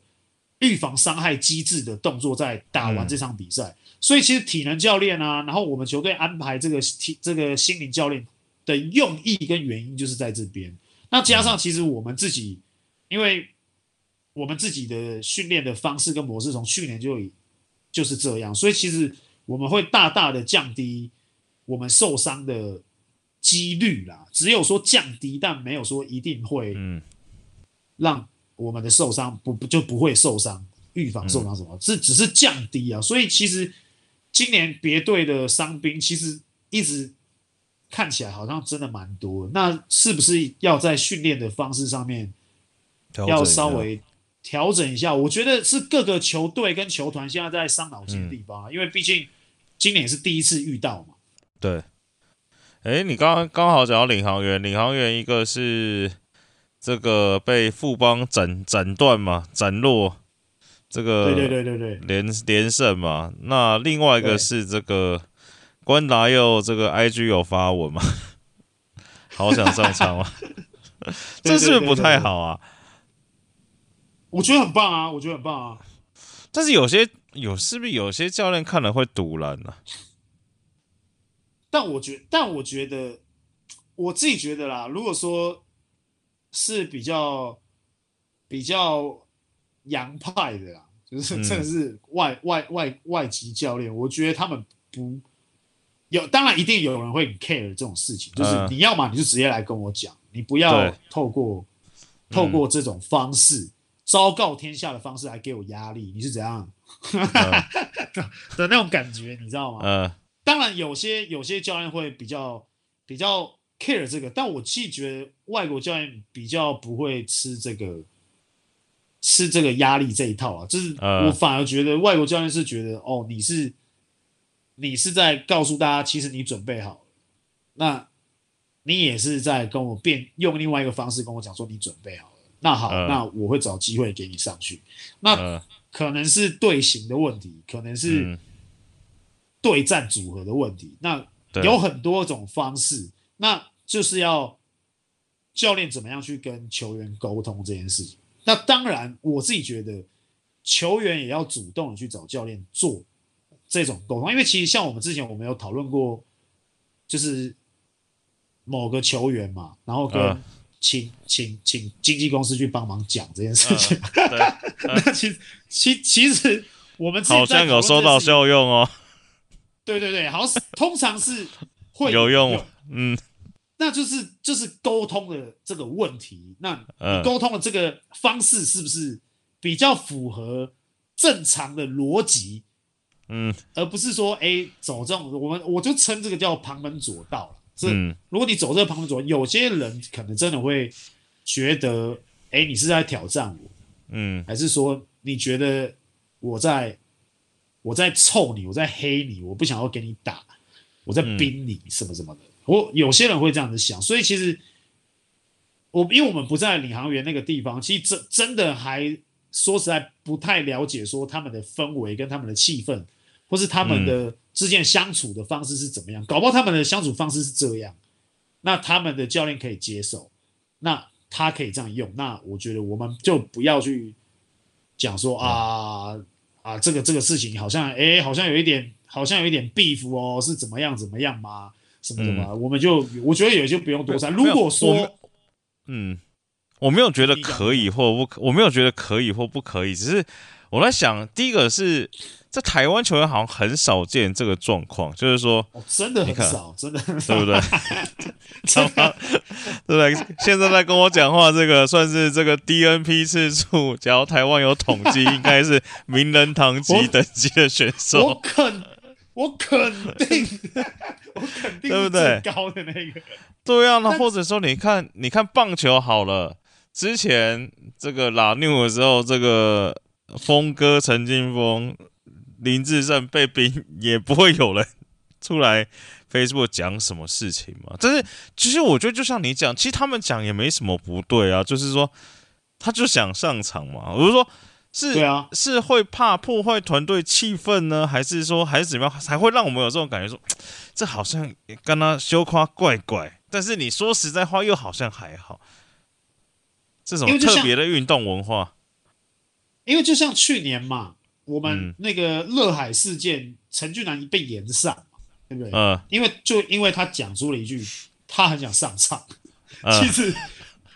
預防傷害機制的動作，在打完這場比賽、嗯。所以其實體能教練啊，然後我們球隊安排這個體這個心靈教練的用意跟原因就是在這邊。那加上其實我們自己，因為我們自己的訓練的方式跟模式從去年就就是這樣，所以其實我們會大大的降低我們受傷的幾率啦。只有說降低，但沒有說一定會讓我們的受傷不不就不會受傷，預防受傷什麼，嗯、是只是降低啊。所以其實。今年別隊的傷兵其實一直看起來好像真的蠻多的，那是不是要在訓練的方式上面要稍微調整，整一下？我覺得是各個球隊跟球團現在在傷腦筋的地方，嗯、因為畢竟今年是第一次遇到嘛。對，哎、欸，你剛剛剛好講到領航員，領航員一個是這個被富邦斬斬斷嘛，斬落。這個連連勝嘛，那另外一個是這個關達祐這個 IG 有發文嘛，好想上場啊， 這是不是不太好啊？我覺得很棒啊，我覺得很棒啊。但是有些有是不是有些教練看了會賭爛呢？但我覺得，但我覺得，我自己覺得啦，如果說是比較比較。洋派的啦，就是這個是外、嗯、外外外籍教練，我覺得他們不有，當然一定有人會 care 這種事情，呃、就是你要嘛，你就直接來跟我講，你不要透過、嗯、透過這種方式昭告、嗯、天下的方式來給我壓力，你是怎樣、呃、 的那種感覺，你知道嗎？呃、當然有些有些教練會比較比較 care 這個，但我其實覺得外國教練比較不會吃這個。是這個壓力這一套啊，就是我反而覺得外國教練是覺得、呃、哦，你是你是在告訴大家，其實你準備好了。那，你也是在跟我變用另外一個方式跟我講說你準備好了。那好，呃、那我會找機會給你上去。那可能是隊形的問題，可能是對戰組合的問題。嗯、那有很多種方式。那就是要教練怎麼樣去跟球員溝通這件事情。那當然，我自己覺得球員也要主動的去找教練做這種溝通，因為其實像我們之前我們有討論過，就是某個球員嘛，然後跟請、呃、請請經紀公司去幫忙講這件事情。呃呃、 那其實其其實我們自己好像有收到效用哦。對對對，好像是，通常是會有，有用。嗯。那就是就是溝通的這個問題，那溝通的這個方式是不是比較符合正常的邏輯？嗯，而不是說哎、欸、走這種，我們我就稱這個叫旁門左道是。如果你走這個旁門左道，有些人可能真的會覺得，哎、欸，你是在挑戰我，嗯，還是說你覺得我在我在臭你，我在黑你，我不想要給你打，我在逼你、嗯、什麼什麼的。我有些人會這樣子想，所以其實我因為我們不在領航員那個地方，其實真真的還說實在不太了解，說他們的氛圍跟他們的氣氛，或是他們的之間相處的方式是怎麼樣。搞不好他們的相處方式是這樣，那他們的教練可以接受，那他可以這樣用，那我覺得我們就不要去講說啊啊，這個這個事情好像，誒，好像有一點，好像有一點 beef 哦，是怎麼樣怎麼樣嘛。什麼、嗯、我們就我覺得也就不用多談，如果說，嗯，我沒有覺得可以或不可，我沒有覺得可以或不可以，只是我在想，第一個是這台灣球員好像很少見這個狀況，就是說、哦、真的很少，真的很少對？對不對？ 真的 對？現在在跟我講話這個算是這個 DNP 次數，假如台灣有統計， 應該是名人堂級等級的選手。我肯定， 我肯定，對不對？是最高的那個，對，對啊。那或者說，你看，你看棒球好了，之前這個 La New 的時候，這個鋒哥陳金鋒、林智勝被冰，也不會有人出來 Facebook 講什麼事情嘛。但是其實、就是、我覺得，就像你講，其實他們講也沒什麼不對啊，就是說他就想上場嘛，不是說。是啊，是會怕破壞團隊氣氛呢，還是說還是怎麼樣，才會讓我們有這種感覺說？說這好像跟他羞誇怪怪，但是你說實在話，又好像還好。這種特別的運動文化因，因為就像去年嘛，我們那個樂海事件，嗯、陳俊南一被炎上，對不對？嗯、呃，因為就因為他講出了一句，他很想上場、呃，其實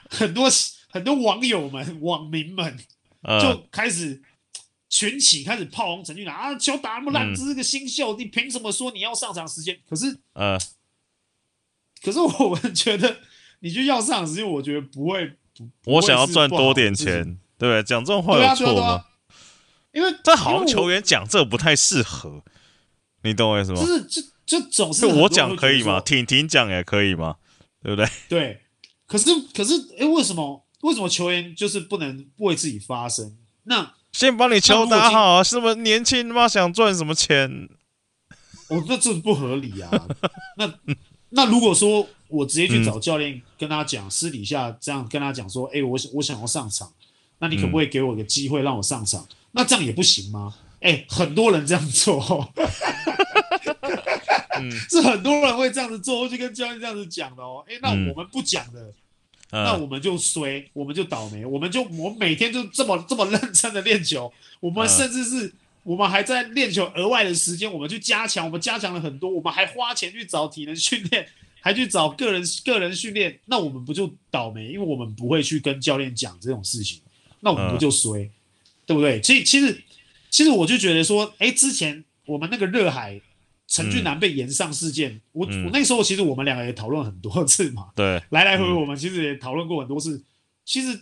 很多很多網友們、網民們。呃、就開始群起開始炮轟陳俊南。啊，球打那麼爛，這是個新秀，嗯、你憑什麼說你要上場時間？可是，呃，可是我們覺得你就要上場時間，我覺得不會。不不會不，我想要賺多點錢，對不是對？講這種話有錯嗎？啊啊啊啊。因為在好球員講這不太適合我，你懂我意思嗎？就是這這種是。我講可以嗎？挺挺講也可以嗎？對不對？對，可是可是哎、欸，為什麼？為什麼球員就是不能為自己發聲？那先幫你球打好啊！什麼年輕，他媽想賺什麼錢？我這這不合理啊！ 那那如果說我直接去找教練，跟他講、嗯、私底下這樣跟他講說：“誒、欸，我我想要上場，那你可不可以給我個機會讓我上場、嗯？”那這樣也不行嗎？誒、欸，很多人這樣做、哦， 嗯、 是很多人會這樣子做，會去跟教練這樣子講的哦。誒、欸，那我們不講的。嗯嗯、那我們就衰，我們就倒霉，我們就我們每天就這麼這麼認真的練球，我們甚至是、嗯、我們還在練球額外的時間，我們去加強，我們加強了很多，我們還花錢去找體能訓練，還去找個人個人訓練，那我們不就倒霉？因為我們不會去跟教練講這種事情，那我們不就衰，嗯、對不對？所以其實其實我就覺得說，誒、欸，之前我們那個熱海。陳俊南被延上事件，嗯、我我那時候其實我們兩個也討論很多次嘛，對，來來回回我們其實也討論過很多次，嗯。其實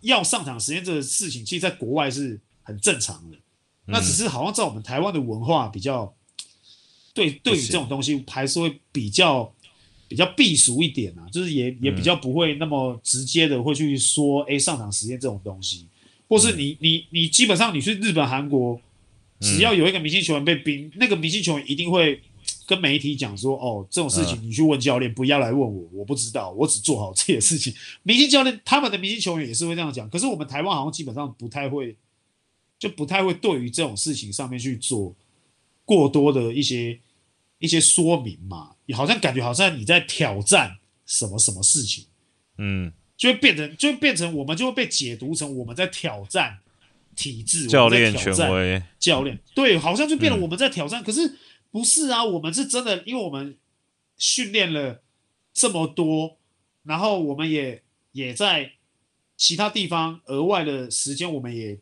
要上場時間這個事情，其實在國外是很正常的。嗯、那只是好像在我們台灣的文化比較對，對，對於這種東西還是會比較比較避俗一點啊，就是也也比較不會那麼直接的會去說，哎、嗯欸，上場時間這種東西，或是你、嗯、你你基本上你去日本韓國。只要有一個明星球員被冰，嗯，那個明星球員一定會跟媒體講說：“哦，這種事情你去問教練，呃、不要來問我，我不知道，我只做好這些事情。”明星教練他們的明星球員也是會這樣講，可是我們台灣好像基本上不太會，就不太會對於這種事情上面去做過多的一些一些說明嘛，好像感覺好像你在挑戰什麼什麼事情，嗯，就會變成就會變成我們就會被解讀成我們在挑戰。體制我，教練權威教練對，好像就變了。我們在挑戰、嗯，可是不是啊？我們是真的，因為我們訓練了這麼多，然後我們也也在其他地方額外的時間，我們也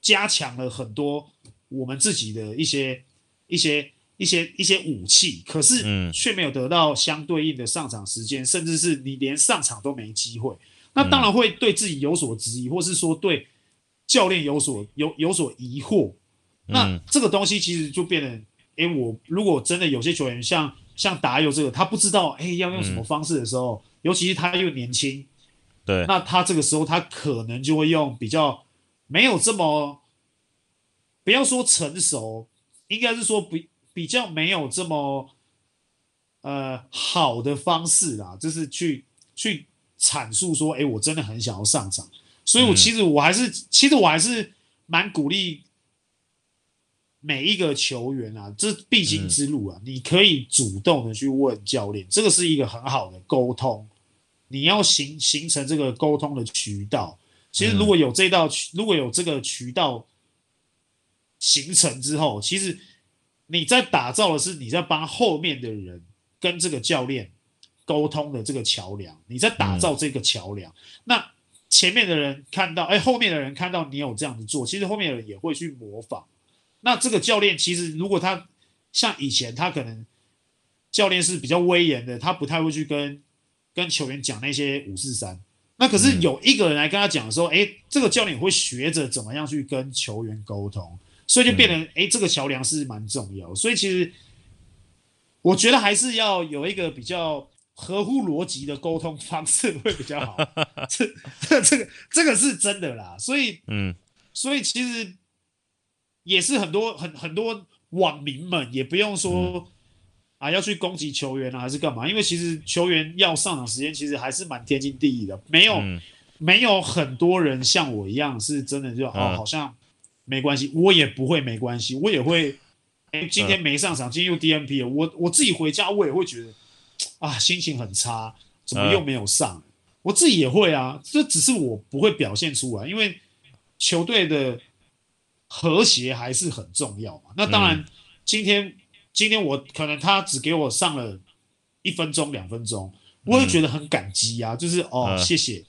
加強了很多我們自己的一些、嗯、一些一些一些武器。可是，卻沒有得到相對應的上場時間，甚至是你連上場都沒機會。嗯、那當然會對自己有所質疑，或是說對。教練有所有有所疑惑、嗯，那這個東西其實就變得哎、欸，我如果真的有些球員像像達友這個，他不知道，哎、欸，要用什麼方式的時候，嗯、尤其是他又年輕，對，那他這個時候他可能就會用比較沒有這麼，不要說成熟，應該是說比比較沒有這麼，呃，好的方式啦，就是去去闡述說，哎、欸，我真的很想要上場。所以，我其實我還是，嗯、其實我還是蠻鼓勵每一個球員啊，這必經之路啊、嗯，你可以主動的去問教練，這個是一個很好的溝通。你要形形成這個溝通的渠道。其實，如果有這道、嗯，如果有這個渠道形成之後，其實你在打造的是你在幫後面的人跟這個教練溝通的這個橋梁，你在打造這個橋樑、嗯。那。前面的人看到，哎、欸，後面的人看到你有這樣子做，其實後面的人也會去模仿。那這個教練其實如果他像以前，他可能教練是比較威嚴的，他不太會去跟跟球員講那些五四三。那可是有一個人來跟他講的時候，哎、嗯欸，這個教練會學着怎麼樣去跟球員溝通，所以就變成哎、嗯欸，這個橋梁是蠻重要。所以其實我覺得還是要有一個比較。.合乎邏輯的溝通方式會比較好， 這個、這、這個、這個是真的啦。所以，嗯，所以其實也是很多、很很多網民們也不用說、嗯、啊，要去攻擊球員啊，還是幹嘛？因為其實球員要上場時間其實還是蠻天經地義的，沒有、嗯、沒有很多人像我一樣是真的就，就、嗯、哦，好像沒關係，我也不會沒關係，我也會，今天沒上場，嗯、今天又 DNP 了，我我自己回家我也會覺得。啊，心情很差，怎麼又沒有上、呃？我自己也會啊，這只是我不會表現出來，因為球隊的和諧還是很重要嘛。那當然今、嗯，今天今天我可能他只給我上了一分鐘、兩分鐘，嗯、我也覺得很感激啊，就是哦、呃，謝謝。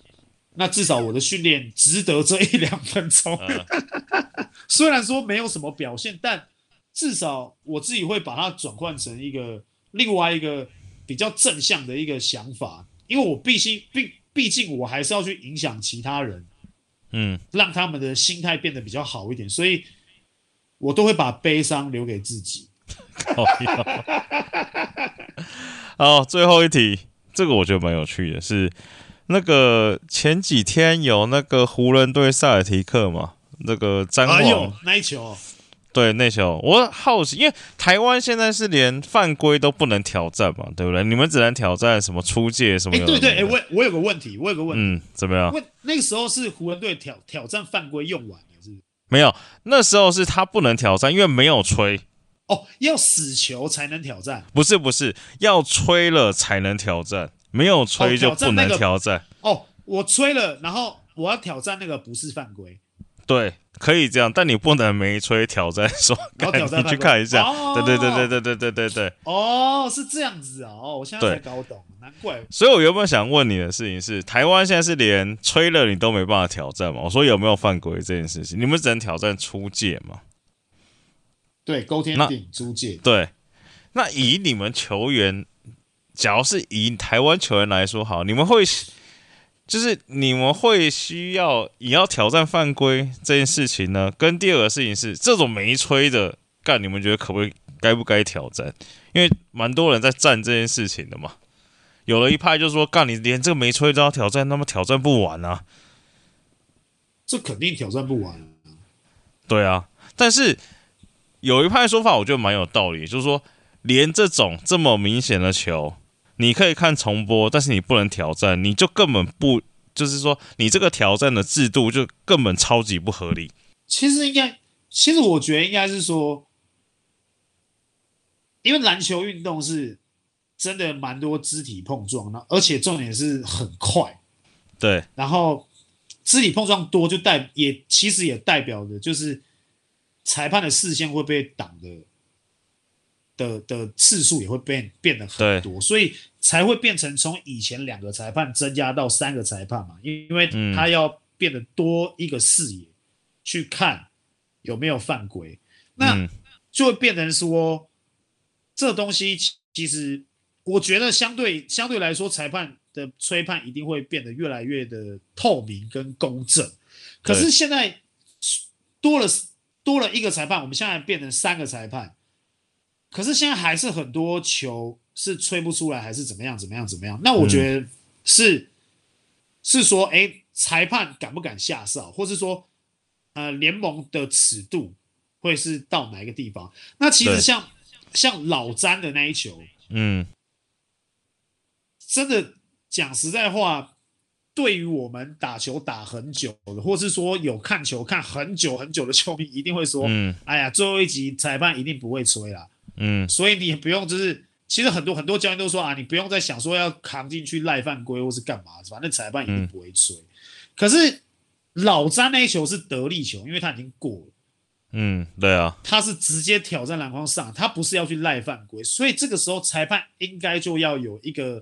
那至少我的訓練值得這一兩分鐘，呃、 雖然說沒有什麼表現，但至少我自己會把它轉換成一個另外一個。比較正向的一個想法，因為我必須畢，畢竟我還是要去影響其他人，嗯，讓他們的心態變得比較好一點，所以我都會把悲傷留給自己。 好，最後一題，這個我覺得蠻有趣的，是那個前幾天有那個湖人對塞爾提克嘛，那個詹皇，哎呦、那一球。對，那時候我好奇，因為台灣現在是連犯規都不能挑戰嘛，對不對？你們只能挑戰什麼出界什麼誒？對對，誒我我有個問題，我有個問題。嗯，怎麼樣？問那個時候是湖人隊挑挑戰犯規用完了是不是？沒有，那時候是他不能挑戰，因為沒有吹哦，要死球才能挑戰。不是不是，要吹了才能挑戰，沒有吹就不能挑戰。哦，那個、哦我吹了，然後我要挑戰那個不是犯規，對。可以這樣，但你不能沒吹挑戰說，戰 你去看一下、哦。對對對對對對對對對,對。哦，是這樣子哦。我現在才搞懂，難怪。所以我原本想問你的事情是：台灣現在是連吹了你都沒辦法挑戰嘛？我說有沒有犯規這件事情？你們只能挑戰出界嗎？對，勾天頂出界。對，那以你們球員，假如是以台灣球員來說，好，你們會。就是你們會需要你要挑戰犯規這件事情呢？跟第二個事情是這種沒吹的幹，你們覺得可不可以該不該挑戰？因為蠻多人在戰這件事情的嘛。有了一派就是說幹，你連這個沒吹都要挑戰，那麼挑戰不完啊。這肯定挑戰不完。對啊，但是有一派的說法，我覺得蠻有道理，就是說連這種這麼明顯的球。你可以看重播，但是你不能挑戰，你就根本不，就是說你這個挑戰的制度就根本超級不合理。其實應該，其實我覺得應該是說，因為籃球運動是真的蠻多肢體碰撞，而且重點是很快，對。然後肢體碰撞多就代也其實也代表著就是裁判的視線會被擋的。的的次數也會變變得很多，所以才會變成從以前兩個裁判增加到三個裁判嘛，因為他要變得多一個視野，嗯，去看有沒有犯規，嗯，那就會變成說這東西其實我覺得相對相對來說，裁判的吹判一定會變得越來越的透明跟公正，可是現在多了多了一個裁判，我們現在變成三個裁判。可是現在還是很多球是吹不出來，還是怎麼樣？怎麼樣？怎麼樣？那我覺得是、嗯、是說，哎、欸，裁判敢不敢下哨，或是說，呃，聯盟的尺度會是到哪一個地方？那其實像像老詹的那一球，嗯，真的講實在話，對於我們打球打很久的，或是說有看球看很久很久的球迷，一定會說，嗯、哎呀，最後一集裁判一定不會吹啦。嗯，所以你不用，就是其實很多很多教練都說啊，你不用再想說要扛進去賴犯規或是幹嘛，反正裁判一定不會吹、嗯。可是老詹那一球是得力球，因為他已經過了。嗯，對啊，他是直接挑戰籃筐上，他不是要去賴犯規，所以這個時候裁判應該就要有一個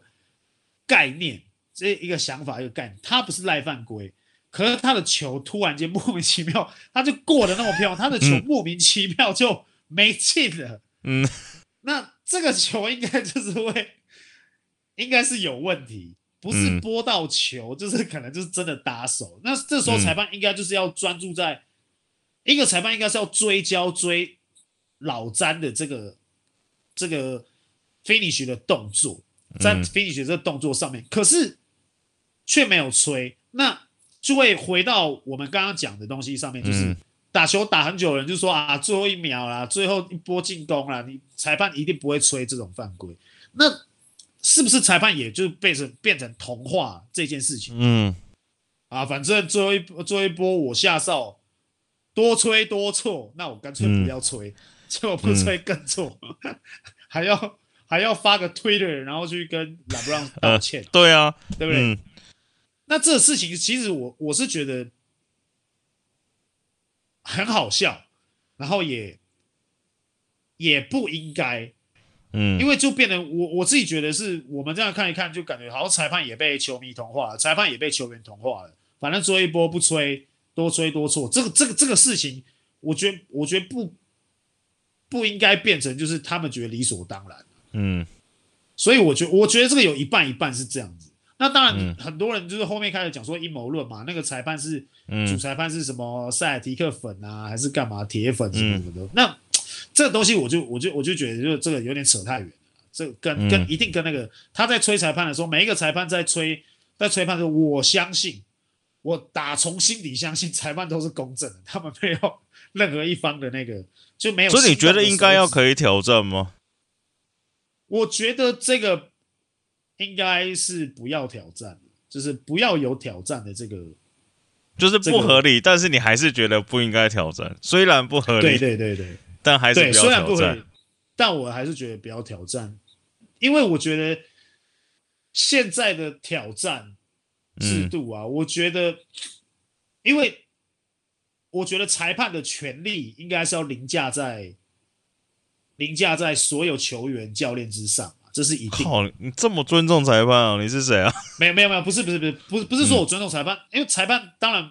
概念，這一個想法一個概念，他不是賴犯規，可是他的球突然間莫名其妙他就過得那麼漂亮，他的球莫名其妙就沒進了。嗯嗯，那這個球應該就是會，應該是有問題，不是撥到球，嗯、就是可能就是真的打手。那這時候裁判應該就是要專注在，嗯、一個裁判應該是要追焦追老詹的這個這個 finish 的動作，嗯、在 finish 的這個動作上面，可是卻沒有吹，那就會回到我們剛剛講的東西上面，就是。嗯打球打很久的人就說啊，最後一秒啦，最後一波進攻啦。你裁判一定不會吹這種犯規。那是不是裁判也就變成變成童話這件事情？嗯，啊，反正最後一波，最後一波我下哨，多吹多錯，那我乾脆不要吹，所以我不吹更錯，嗯，還要還要發個推特，然後去跟拉布朗道歉，呃，對啊，對不對？嗯，那這事情其實我我是覺得。很好笑，然後也也不應該，嗯，因為就變得我我自己覺得是我們這樣看一看，就感覺好像裁判也被球迷同化了，裁判也被球員同化了。反正做一波不吹，多吹多錯。這個這個這個事情，我覺得我覺得不不應該變成就是他們覺得理所當然，嗯，所以我覺得我覺得這個有一半一半是這樣子。那當然，很多人就是後面開始講說陰謀論嘛、嗯，那個裁判是、嗯、主裁判是什麼塞爾提克粉啊，還是幹嘛鐵粉什麼什麼的。嗯、那這個、東西我就，我就我就我就覺得，就這個有點扯太遠了。這個、跟、嗯、跟一定跟那個他在吹裁判的時候，每一個裁判在吹在吹判的時候，我相信，我打從心底相信裁判都是公正的，他們沒有任何一方的那個就沒有。所以你覺得應該要可以挑戰嗎？我覺得這個。應該是不要挑戰，就是不要有挑戰的這個，就是不合理。這個、但是你還是覺得不應該挑戰，雖然不合理，對對對對，但還是不要挑戰。雖然不合理，但我還是覺得不要挑戰，因為我覺得現在的挑戰制度啊，嗯、我覺得，因為我覺得裁判的權力應該是要凌駕在凌駕在所有球員教練之上。這是一套，靠！你這麼尊重裁判啊？你是誰啊？沒有沒有沒有，不是不是不是，不是不是說我尊重裁判，嗯、因為裁判當然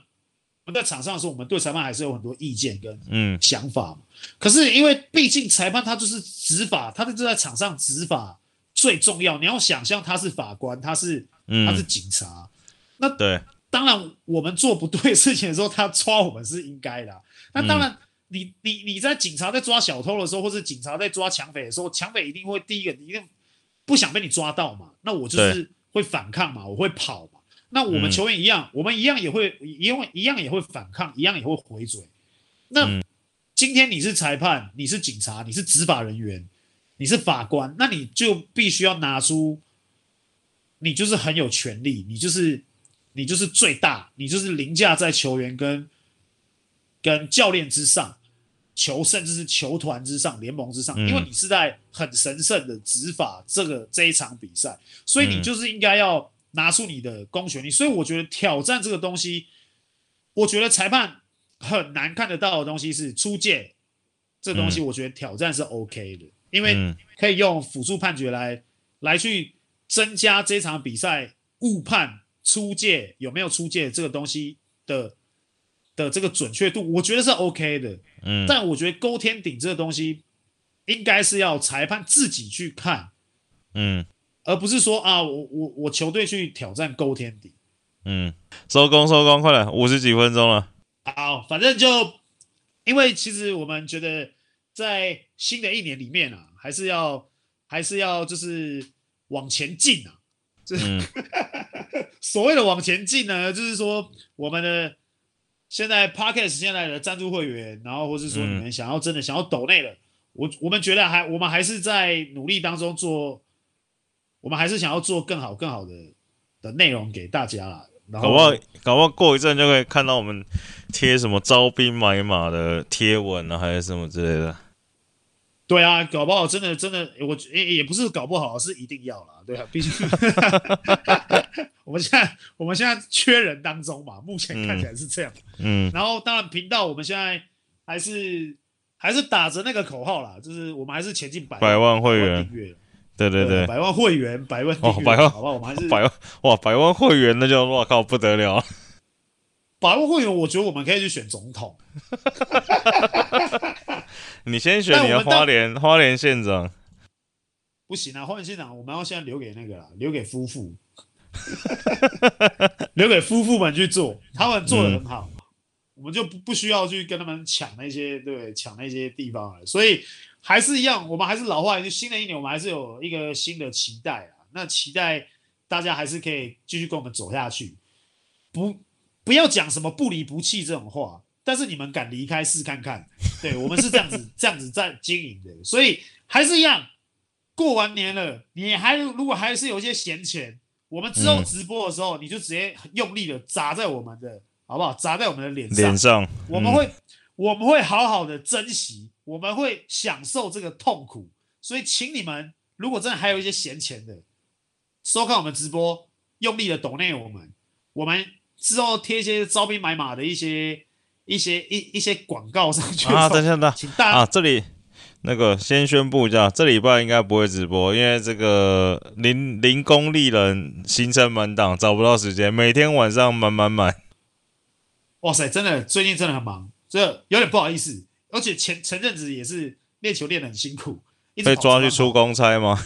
我們在場上的時候，我們對裁判還是有很多意見跟嗯想法嗯、可是因為畢竟裁判他就是執法，他就是在場上執法最重要。你要想象他是法官，他是、嗯、他是警察。嗯、那對，當然我們做不對的事情的時候，他抓我們是應該的、啊。那、嗯、當然，你你你在警察在抓小偷的時候，或是警察在抓搶匪的時候，搶匪一定會第一個一定不想被你抓到嘛，那我就是會反抗嘛，我會跑嘛。那我們球員一樣，嗯、我們一樣也會，因為一樣也會反抗，一樣也會回嘴。那今天你是裁判，嗯、你是警察，你是執法人員，你是法官，那你就必須要拿出，你就是很有權利，你就是你就是最大，你就是凌駕在球員跟跟教練之上，球甚至是球團之上，聯盟之上，因為你是在很神聖的執法這個這一場比賽，所以你就是應該要拿出你的公權力。所以我覺得挑戰這個東西，我覺得裁判很難看得到的東西是出界這個東西。我覺得挑戰是 OK 的，因為可以用輔助判決來來去增加這場比賽誤判出界有沒有出界這個東西的。的這個準確度，我覺得是 OK 的，嗯，但我覺得勾天頂這個東西，應該是要裁判自己去看，嗯，而不是說啊，我我我球隊去挑戰勾天頂，嗯，收工收工，快了，五十幾分鐘了，好，反正就，因為其實我們覺得在新的一年裡面啊，還是要還是要就是往前進啊，這、嗯、 所謂的往前進呢，就是說我們的。現在 Podcast 現在的贊助會員，然後或是說你們想要真的想要抖內的，嗯、我我們覺得還我們還是在努力當中做，我們還是想要做更好更好的的內容給大家啦。然後搞不好搞不好過一陣就可以看到我們貼什麼招兵買馬的貼文啊，還是什麼之類的。對啊，搞不好真的真的，真的欸、我、欸、也不是搞不好，是一定要了。對啊，畢竟 我們現在我們現在缺人當中嘛，目前看起來是這樣。嗯，嗯然後當然頻道，我們現在還是還是打着那個口號啦，就是我們還是前進百,百萬會員，對對對，對，百萬會員，百萬，百萬，百萬，哇，百萬會員，那就哇靠，不得了！百萬會員，我覺得我們可以去選總統。 你先選你的花蓮，花蓮縣長不行啊！花蓮縣長我們要先留給那個了，留給夫婦， 留給夫婦們去做，他們做的很好，嗯，我們就不不需要去跟他們搶那些，對，搶那些地方了。所以還是一樣，我們還是老話，就新的一年，我們還是有一個新的期待啊！那期待大家還是可以繼續跟我們走下去，不，不要講什麼不離不棄這種話。但是你們敢離開試看看？對我們是這樣子這樣子在經營的， 所以還是一樣。過完年了，你還如果還是有一些閒錢，我們之後直播的時候，你就直接用力的砸在我們的，好不好？砸在我們的臉上，臉上。我們會我們會好好的珍惜，我們會享受這個痛苦。所以，請你們如果真的還有一些閒錢的，收看我們直播，用力的抖內我們，我們之後貼一些招兵買馬的一些。一些一一些廣告上去啊！等一下，等一下，請大家啊！這裡那個先宣布一下，這禮拜應該不會直播，因為這個零零工力人行程滿檔，找不到時間。每天晚上滿滿滿。哇塞，真的，最近真的很忙，這有點不好意思。而且前前陣子也是練球練得很辛苦一直，被抓去出公差嗎？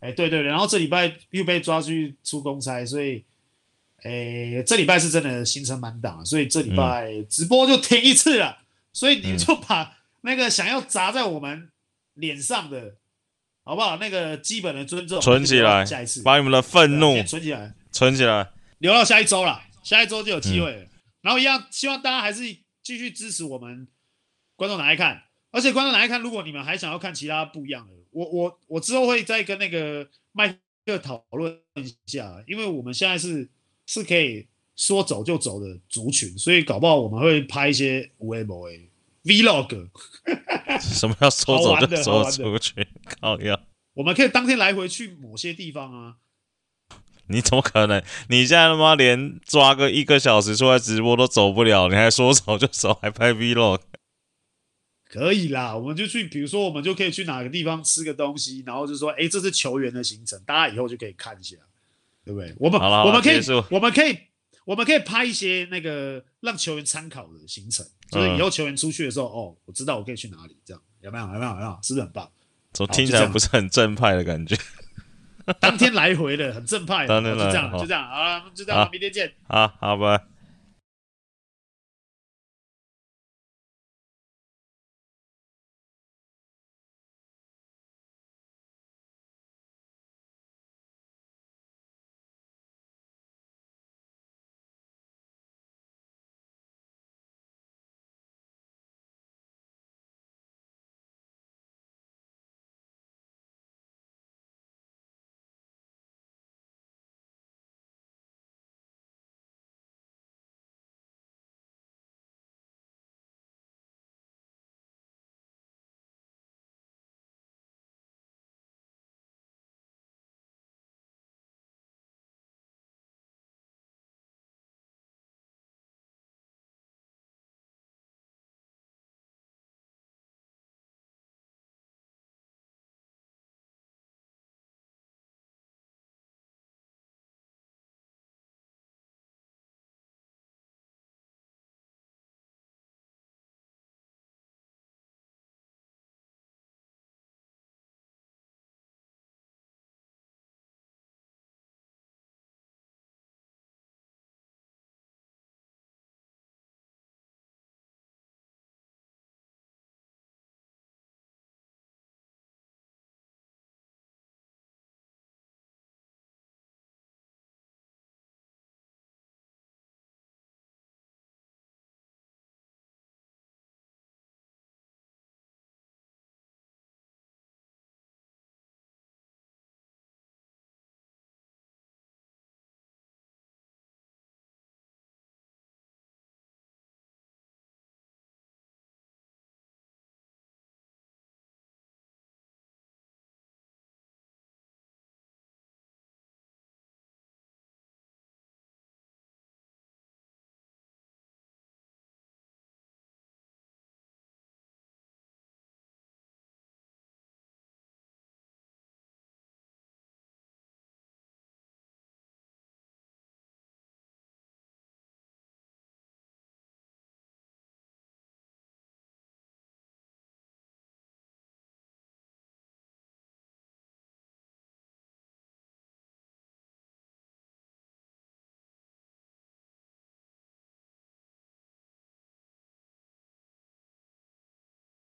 哎、欸，對，對對，然後這禮拜又被抓去出公差，所以。誒、欸，這禮拜是真的行程滿檔，啊，所以這禮拜、嗯、直播就停一次了。所以你就把那個想要砸在我們臉上的，嗯、好不好？那個基本的尊重存起來，下一次把你們的憤怒、啊、欸、存起來，存起來，留到下一周了。下一周就有機會了、嗯。然後一樣，希望大家還是繼續支持我們。觀眾來看，而且觀眾來看，如果你們還想要看其他不一樣的，我我我之後會再跟那個麥克討論一下，因為我們現在是。是可以說走就走的族群，所以搞不好我們會拍一些 VMA、Vlog。什麼叫說走就走的族群？靠 要我們可以當天來回去某些地方啊。你怎麼可能？你現在他媽連抓個一個小時出來直播都走不了，你還說走就走，還拍 Vlog？可以啦，我們就去，比如說我們就可以去哪個地方吃個東西，然後就說：“哎、欸，這是球員的行程，大家以後就可以看一下。”對不對？我們我們可以我們可以我們可以，我們可以拍一些那個讓球員參考的行程，就是以後球員出去的時候，哦，我知道我可以去哪裡，這樣有沒有？有沒有？有沒有？是不是很棒？總聽起來不是很正派的感覺。 當天來回的，很正派就好。就這樣，就這樣啊，就這樣，這樣明天見。啊，好，拜拜。